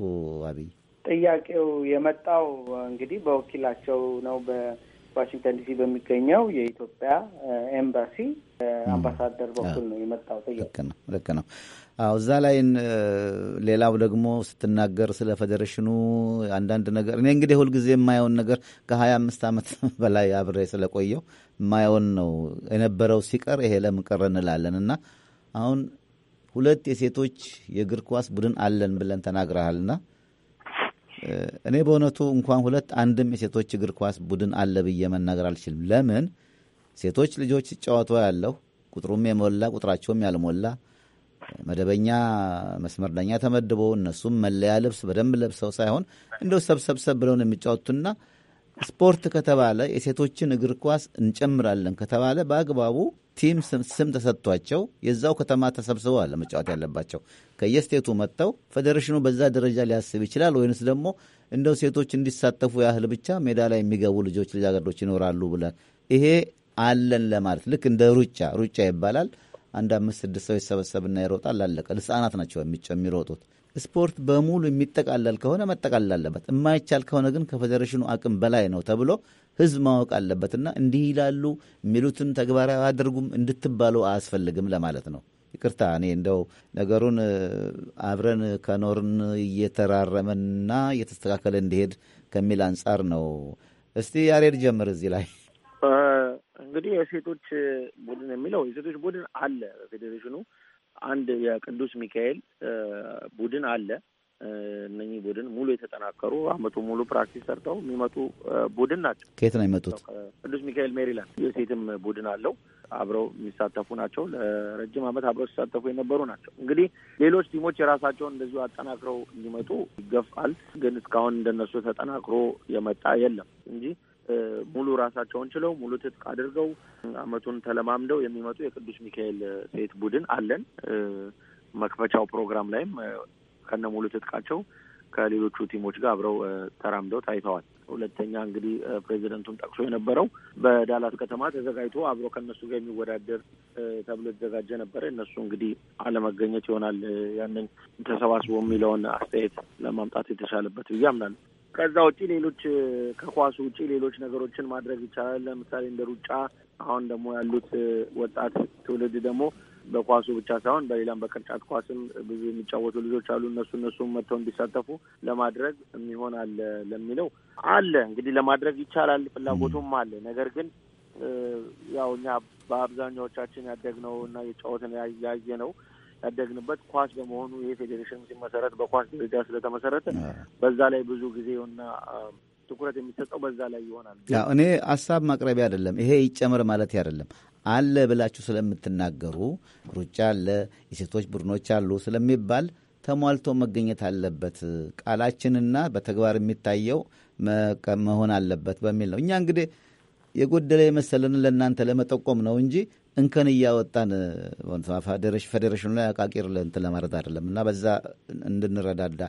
አብይ? ጥያቄው የመጣው እንግዲህ በወኪላቸው ነው በዋሽንግተን ዲሲ በሚገኘው የኢትዮጵያ ኤምባሲ አምባሳደር በኩል ነው የመጣው። ልክ ነው ልክ ነው። አዎ እዛ ላይ ሌላው ደግሞ ስትናገር ስለ ፌዴሬሽኑ አንዳንድ ነገር እኔ እንግዲህ ሁልጊዜ የማየውን ነገር ከሀያ አምስት ዓመት በላይ አብሬ ስለቆየው የማየውን ነው የነበረው ሲቀር ይሄ ለምን ቀረ እንላለን እና አሁን ሁለት የሴቶች የእግር ኳስ ቡድን አለን ብለን ተናግረሃልና እኔ በእውነቱ እንኳን ሁለት አንድም የሴቶች እግር ኳስ ቡድን አለ ብዬ መናገር አልችልም። ለምን ሴቶች ልጆች ሲጫወቱ ያለሁ ቁጥሩም የሞላ ቁጥራቸውም ያልሞላ መደበኛ መስመር ዳኛ ተመድቦ እነሱም መለያ ልብስ በደንብ ለብሰው ሳይሆን እንደው ሰብሰብሰብ ብለው ነው የሚጫወቱና ስፖርት ከተባለ የሴቶችን እግር ኳስ እንጨምራለን ከተባለ በአግባቡ ቲም ስም ተሰጥቷቸው የዛው ከተማ ተሰብስበዋል መጫወት ያለባቸው። ከየስቴቱ መጥተው ፌዴሬሽኑ በዛ ደረጃ ሊያስብ ይችላል ወይንስ ደግሞ እንደው ሴቶች እንዲሳተፉ ያህል ብቻ ሜዳ ላይ የሚገቡ ልጆች ልጃገርዶች ይኖራሉ ብለን ይሄ አለን ለማለት ልክ እንደ ሩጫ ሩጫ ይባላል አንድ አምስት ስድስት ሰው ይሰበሰብና ይሮጣል። አለቀ። ህጻናት ናቸው የሚሮጡት። ስፖርት በሙሉ የሚጠቃለል ከሆነ መጠቃለል አለበት። የማይቻል ከሆነ ግን ከፌዴሬሽኑ አቅም በላይ ነው ተብሎ ህዝብ ማወቅ አለበትና እንዲህ ይላሉ የሚሉትን ተግባራዊ አድርጉም እንድትባሉ አያስፈልግም ለማለት ነው። ይቅርታ እኔ እንደው ነገሩን አብረን ከኖርን እየተራረመንና እየተስተካከለ እንዲሄድ ከሚል አንጻር ነው። እስቲ ያሬድ ጀምር እዚህ ላይ እንግዲህ የሴቶች ቡድን የሚለው የሴቶች ቡድን አለ። በፌዴሬሽኑ አንድ የቅዱስ ሚካኤል ቡድን አለ። እነኚህ ቡድን ሙሉ የተጠናከሩ አመቱ ሙሉ ፕራክቲስ ሰርተው የሚመጡ ቡድን ናቸው። ከየት ነው የሚመጡት? ቅዱስ ሚካኤል ሜሪላንድ የሴትም ቡድን አለው። አብረው የሚሳተፉ ናቸው። ለረጅም አመት አብረው ሲሳተፉ የነበሩ ናቸው። እንግዲህ ሌሎች ቲሞች የራሳቸውን እንደዚሁ አጠናክረው እንዲመጡ ይገፋል። ግን እስካሁን እንደነሱ ተጠናክሮ የመጣ የለም እንጂ ሙሉ ራሳቸውን ችለው ሙሉ ትጥቅ አድርገው አመቱን ተለማምደው የሚመጡ የቅዱስ ሚካኤል ሴት ቡድን አለን። መክፈቻው ፕሮግራም ላይም ከነ ሙሉ ትጥቃቸው ከሌሎቹ ቲሞች ጋር አብረው ተራምደው ታይተዋል። ሁለተኛ እንግዲህ ፕሬዚደንቱን ጠቅሶ የነበረው በዳላት ከተማ ተዘጋጅቶ አብሮ ከእነሱ ጋር የሚወዳደር ተብሎ የተዘጋጀ ነበረ። እነሱ እንግዲህ አለመገኘት ይሆናል ያንን ተሰባስቦ የሚለውን አስተያየት ለማምጣት የተሻለበት ብዬ አምናለሁ። ከዛ ውጪ ሌሎች ከኳሱ ውጪ ሌሎች ነገሮችን ማድረግ ይቻላል። ለምሳሌ እንደ ሩጫ አሁን ደግሞ ያሉት ወጣት ትውልድ ደግሞ በኳሱ ብቻ ሳይሆን በሌላም በቅርጫት ኳስም ብዙ የሚጫወቱ ልጆች አሉ። እነሱ እነሱም መጥተው እንዲሳተፉ ለማድረግ የሚሆን አለ ለሚለው አለ እንግዲህ ለማድረግ ይቻላል፣ ፍላጎቱም አለ። ነገር ግን ያው እኛ በአብዛኛዎቻችን ያደግነው እና የጫወትን ያየ ነው ያደግንበት ኳስ በመሆኑ ይህ ፌዴሬሽን ሲመሰረት በኳስ ደረጃ ስለተመሰረተ በዛ ላይ ብዙ ጊዜውና ትኩረት የሚሰጠው በዛ ላይ ይሆናል። እኔ ሀሳብ ማቅረቢያ አይደለም፣ ይሄ ይጨመር ማለት አይደለም። አለ ብላችሁ ስለምትናገሩ ሩጫ አለ፣ የሴቶች ቡድኖች አሉ ስለሚባል ተሟልቶ መገኘት አለበት። ቃላችንና በተግባር የሚታየው መሆን አለበት በሚል ነው እኛ እንግዲህ የጎደለ የመሰለን ለእናንተ ለመጠቆም ነው እንጂ እንከን እያወጣን ፌዴሬሽኑ ላይ አቃቂር ለንት ለማለት አይደለም። እና በዛ እንድንረዳዳ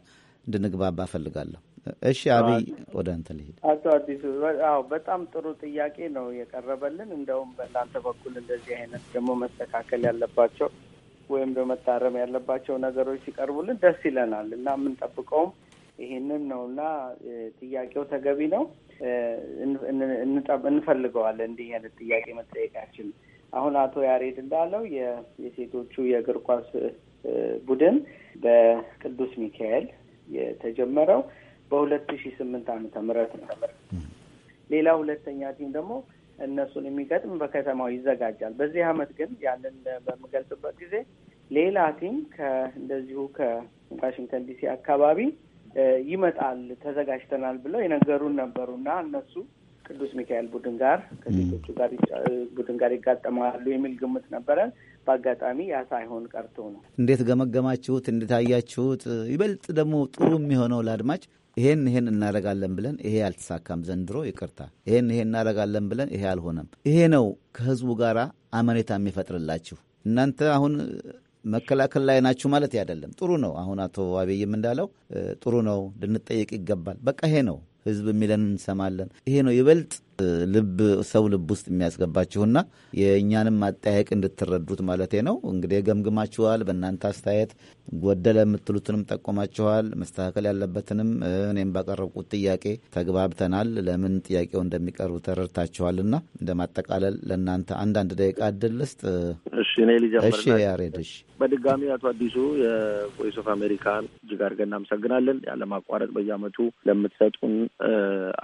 እንድንግባባ እፈልጋለሁ። እሺ አብይ፣ ወደ አንተ ልሄድ። አቶ አዲሱ፣ አዎ በጣም ጥሩ ጥያቄ ነው የቀረበልን። እንደውም በእናንተ በኩል እንደዚህ አይነት ደግሞ መስተካከል ያለባቸው ወይም ደግሞ ያለባቸው ነገሮች ሲቀርቡልን ደስ ይለናል እና የምንጠብቀውም ይሄንን ነው እና ጥያቄው ተገቢ ነው። እንፈልገዋለን እንዲህ አይነት ጥያቄ መጠየቃችን። አሁን አቶ ያሬድ እንዳለው የሴቶቹ የእግር ኳስ ቡድን በቅዱስ ሚካኤል የተጀመረው በሁለት ሺ ስምንት ዓመተ ምህረት ነው። ሌላ ሁለተኛ ቲም ደግሞ እነሱን የሚገጥም በከተማው ይዘጋጃል። በዚህ አመት ግን ያንን በምገልጽበት ጊዜ ሌላ ቲም ከእንደዚሁ ከዋሽንግተን ዲሲ አካባቢ ይመጣል ተዘጋጅተናል ብለው የነገሩን ነበሩ እና እነሱ ቅዱስ ሚካኤል ቡድን ጋር ከሴቶቹ ጋር ቡድን ጋር ይጋጠማሉ የሚል ግምት ነበረን። በአጋጣሚ ያ ሳይሆን ቀርቶ ነው። እንዴት ገመገማችሁት? እንድታያችሁት ይበልጥ ደግሞ ጥሩ የሚሆነው ለአድማጭ ይሄን ይሄን እናደርጋለን ብለን ይሄ አልተሳካም፣ ዘንድሮ ይቅርታ፣ ይሄን ይሄን እናደርጋለን ብለን ይሄ አልሆነም፣ ይሄ ነው ከህዝቡ ጋር አመኔታ የሚፈጥርላችሁ እናንተ አሁን መከላከል ላይ ናችሁ ማለት አይደለም። ጥሩ ነው። አሁን አቶ አብይም እንዳለው ጥሩ ነው፣ ልንጠየቅ ይገባል። በቃ ይሄ ነው ህዝብ የሚለን እንሰማለን። ይሄ ነው ይበልጥ ልብ ሰው ልብ ውስጥ የሚያስገባችሁና የእኛንም አጠያየቅ እንድትረዱት ማለት ነው። እንግዲህ ገምግማችኋል። በእናንተ አስተያየት ጎደለ የምትሉትንም ጠቆማችኋል። መስተካከል ያለበትንም እኔም ባቀረብኩት ጥያቄ ተግባብተናል። ለምን ጥያቄው እንደሚቀርቡ ተረድታችኋልና እንደ ማጠቃለል ለእናንተ አንዳንድ ደቂቃ እድል ልስጥ። እሺ ያሬድ እሺ። በድጋሚ አቶ አዲሱ የቮይስ ኦፍ አሜሪካን እጅግ አድርገን እናመሰግናለን። ያለማቋረጥ በየአመቱ ለምትሰጡን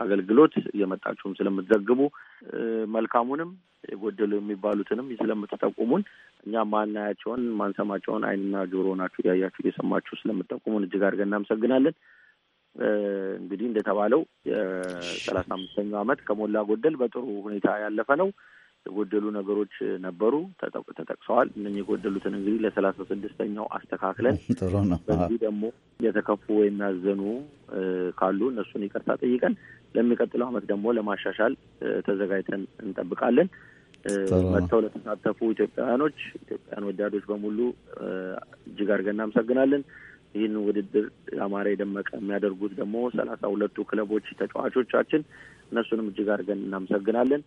አገልግሎት እየመጣችሁም ስለምትዘግቡ መልካሙንም የጎደሉ የሚባሉትንም ስለምትጠቁሙን እኛ ማናያቸውን ማንሰማቸውን አይንና ጆሮ ናችሁ ያያችሁ እየሰማችሁ ስለምትጠቁሙን እጅግ አድርገን እናመሰግናለን። እንግዲህ እንደተባለው የሰላሳ አምስተኛው ዓመት ከሞላ ጎደል በጥሩ ሁኔታ ያለፈ ነው። የጎደሉ ነገሮች ነበሩ፣ ተጠቅሰዋል። እነ የጎደሉትን እንግዲህ ለሰላሳ ስድስተኛው አስተካክለን በዚህ ደግሞ የተከፉ ወይም ያዘኑ ካሉ እነሱን ይቅርታ ጠይቀን ለሚቀጥለው ዓመት ደግሞ ለማሻሻል ተዘጋጅተን እንጠብቃለን። መጥተው ለተሳተፉ ኢትዮጵያውያኖች ኢትዮጵያን ወዳዶች በሙሉ እጅግ አድርገን እናመሰግናለን። ይህን ውድድር ያማረ የደመቀ የሚያደርጉት ደግሞ ሰላሳ ሁለቱ ክለቦች ተጫዋቾቻችን፣ እነሱንም እጅግ አድርገን እናመሰግናለን።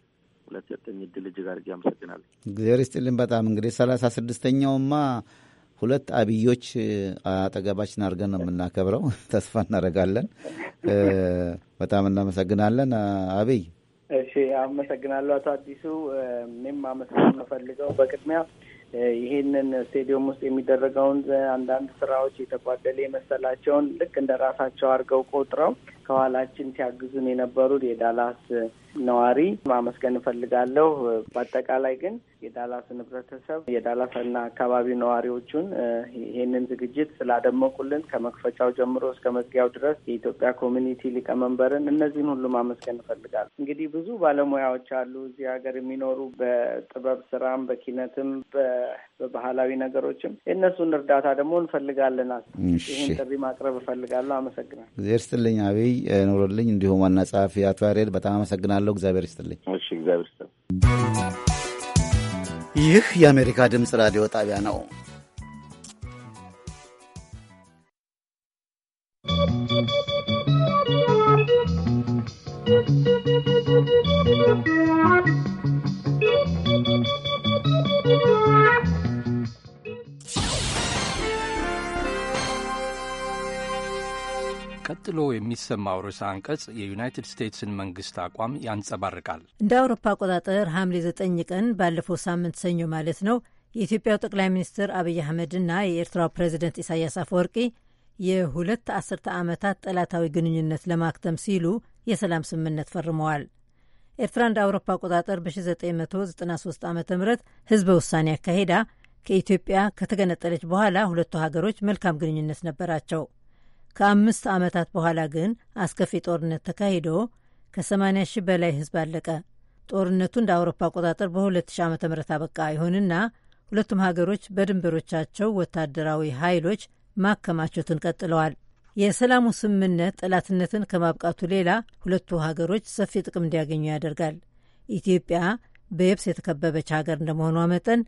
ለተሰጠኝ እድል እጅግ አድርጌ አመሰግናለሁ። እግዚአብሔር ይስጥልን። በጣም እንግዲህ ሰላሳ ስድስተኛውማ ሁለት አብዮች አጠገባችን አድርገን ነው የምናከብረው። ተስፋ እናደርጋለን። በጣም እናመሰግናለን አብይ። እሺ አመሰግናለሁ አቶ አዲሱ። እኔም አመስገን የምፈልገው በቅድሚያ ይህንን ስቴዲየም ውስጥ የሚደረገውን አንዳንድ ስራዎች የተጓደለ የመሰላቸውን ልክ እንደ ራሳቸው አድርገው ቆጥረው ከኋላችን ሲያግዙን የነበሩ የዳላስ ነዋሪ ማመስገን እንፈልጋለሁ። በአጠቃላይ ግን የዳላስ ህብረተሰብ፣ የዳላስና አካባቢው ነዋሪዎቹን ይሄንን ዝግጅት ስላደመቁልን ከመክፈቻው ጀምሮ እስከ መዝጊያው ድረስ የኢትዮጵያ ኮሚኒቲ ሊቀመንበርን እነዚህን ሁሉ ማመስገን እንፈልጋለሁ። እንግዲህ ብዙ ባለሙያዎች አሉ እዚህ ሀገር የሚኖሩ በጥበብ ስራም፣ በኪነትም፣ በባህላዊ ነገሮችም የእነሱን እርዳታ ደግሞ እንፈልጋለን። ይህን ጥሪ ማቅረብ እፈልጋለሁ። አመሰግናል። ጊዜ እርስጥልኝ አብይ ኑርልኝ፣ እንዲሁም ዋና ጸሐፊ አቶ ያሬድ በጣም አመሰግናለሁ። እግዚአብሔር ይስጥልኝ። እሺ፣ እግዚአብሔር ይህ የአሜሪካ ድምፅ ራዲዮ ጣቢያ ነው። Thank you. ቀጥሎ የሚሰማው ርዕሰ አንቀጽ የዩናይትድ ስቴትስን መንግስት አቋም ያንጸባርቃል። እንደ አውሮፓ አቆጣጠር ሐምሌ 9 ቀን ባለፈው ሳምንት ሰኞ ማለት ነው የኢትዮጵያው ጠቅላይ ሚኒስትር አብይ አህመድና የኤርትራው ፕሬዚደንት ኢሳያስ አፈወርቂ የሁለት አስርተ ዓመታት ጠላታዊ ግንኙነት ለማክተም ሲሉ የሰላም ስምምነት ፈርመዋል። ኤርትራ እንደ አውሮፓ አቆጣጠር በ1993 ዓ ም ህዝበ ውሳኔ አካሄዳ ከኢትዮጵያ ከተገነጠለች በኋላ ሁለቱ ሀገሮች መልካም ግንኙነት ነበራቸው። ከአምስት ዓመታት በኋላ ግን አስከፊ ጦርነት ተካሂዶ ከ80 ሺህ በላይ ህዝብ አለቀ። ጦርነቱ እንደ አውሮፓ አቆጣጠር በ2000 ዓ ም አበቃ። ይሁንና ሁለቱም ሀገሮች በድንበሮቻቸው ወታደራዊ ኃይሎች ማከማቸቱን ቀጥለዋል። የሰላሙ ስምምነት ጠላትነትን ከማብቃቱ ሌላ ሁለቱ ሀገሮች ሰፊ ጥቅም እንዲያገኙ ያደርጋል። ኢትዮጵያ በየብስ የተከበበች ሀገር እንደመሆኗ መጠን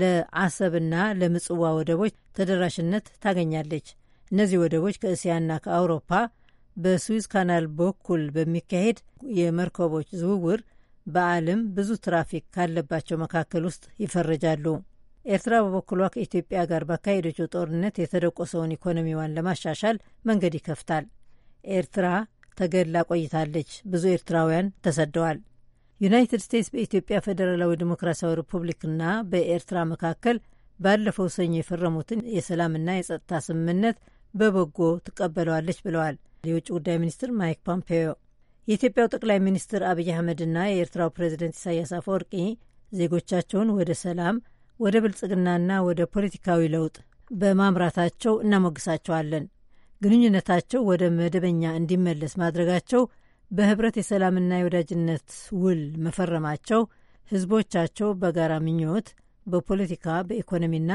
ለአሰብና ለምጽዋ ወደቦች ተደራሽነት ታገኛለች። እነዚህ ወደቦች ከእስያና ከአውሮፓ በስዊዝ ካናል በኩል በሚካሄድ የመርከቦች ዝውውር በዓለም ብዙ ትራፊክ ካለባቸው መካከል ውስጥ ይፈረጃሉ። ኤርትራ በበኩሏ ከኢትዮጵያ ጋር ባካሄደችው ጦርነት የተደቆሰውን ኢኮኖሚዋን ለማሻሻል መንገድ ይከፍታል። ኤርትራ ተገላ ቆይታለች። ብዙ ኤርትራውያን ተሰደዋል። ዩናይትድ ስቴትስ በኢትዮጵያ ፌዴራላዊ ዲሞክራሲያዊ ሪፑብሊክና በኤርትራ መካከል ባለፈው ሰኞ የፈረሙትን የሰላምና የጸጥታ ስምምነት በበጎ ትቀበለዋለች ብለዋል የውጭ ጉዳይ ሚኒስትር ማይክ ፖምፔዮ። የኢትዮጵያው ጠቅላይ ሚኒስትር አብይ አህመድና የኤርትራው ፕሬዚደንት ኢሳያስ አፈወርቂ ዜጎቻቸውን ወደ ሰላም፣ ወደ ብልጽግናና ወደ ፖለቲካዊ ለውጥ በማምራታቸው እናሞግሳቸዋለን። ግንኙነታቸው ወደ መደበኛ እንዲመለስ ማድረጋቸው፣ በህብረት የሰላምና የወዳጅነት ውል መፈረማቸው፣ ህዝቦቻቸው በጋራ ምኞት በፖለቲካ በኢኮኖሚና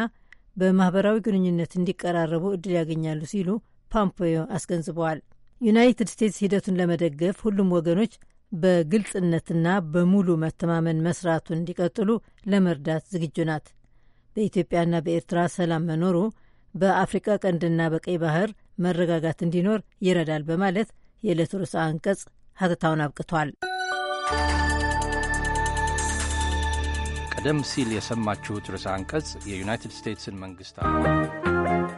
በማህበራዊ ግንኙነት እንዲቀራረቡ እድል ያገኛሉ ሲሉ ፖምፔዮ አስገንዝበዋል። ዩናይትድ ስቴትስ ሂደቱን ለመደገፍ ሁሉም ወገኖች በግልጽነትና በሙሉ መተማመን መስራቱን እንዲቀጥሉ ለመርዳት ዝግጁ ናት። በኢትዮጵያና በኤርትራ ሰላም መኖሩ በአፍሪቃ ቀንድና በቀይ ባህር መረጋጋት እንዲኖር ይረዳል በማለት የዕለቱ ርዕሰ አንቀጽ ሀተታውን አብቅቷል። ቀደም ሲል የሰማችሁት ርዕሰ አንቀጽ የዩናይትድ ስቴትስን መንግሥት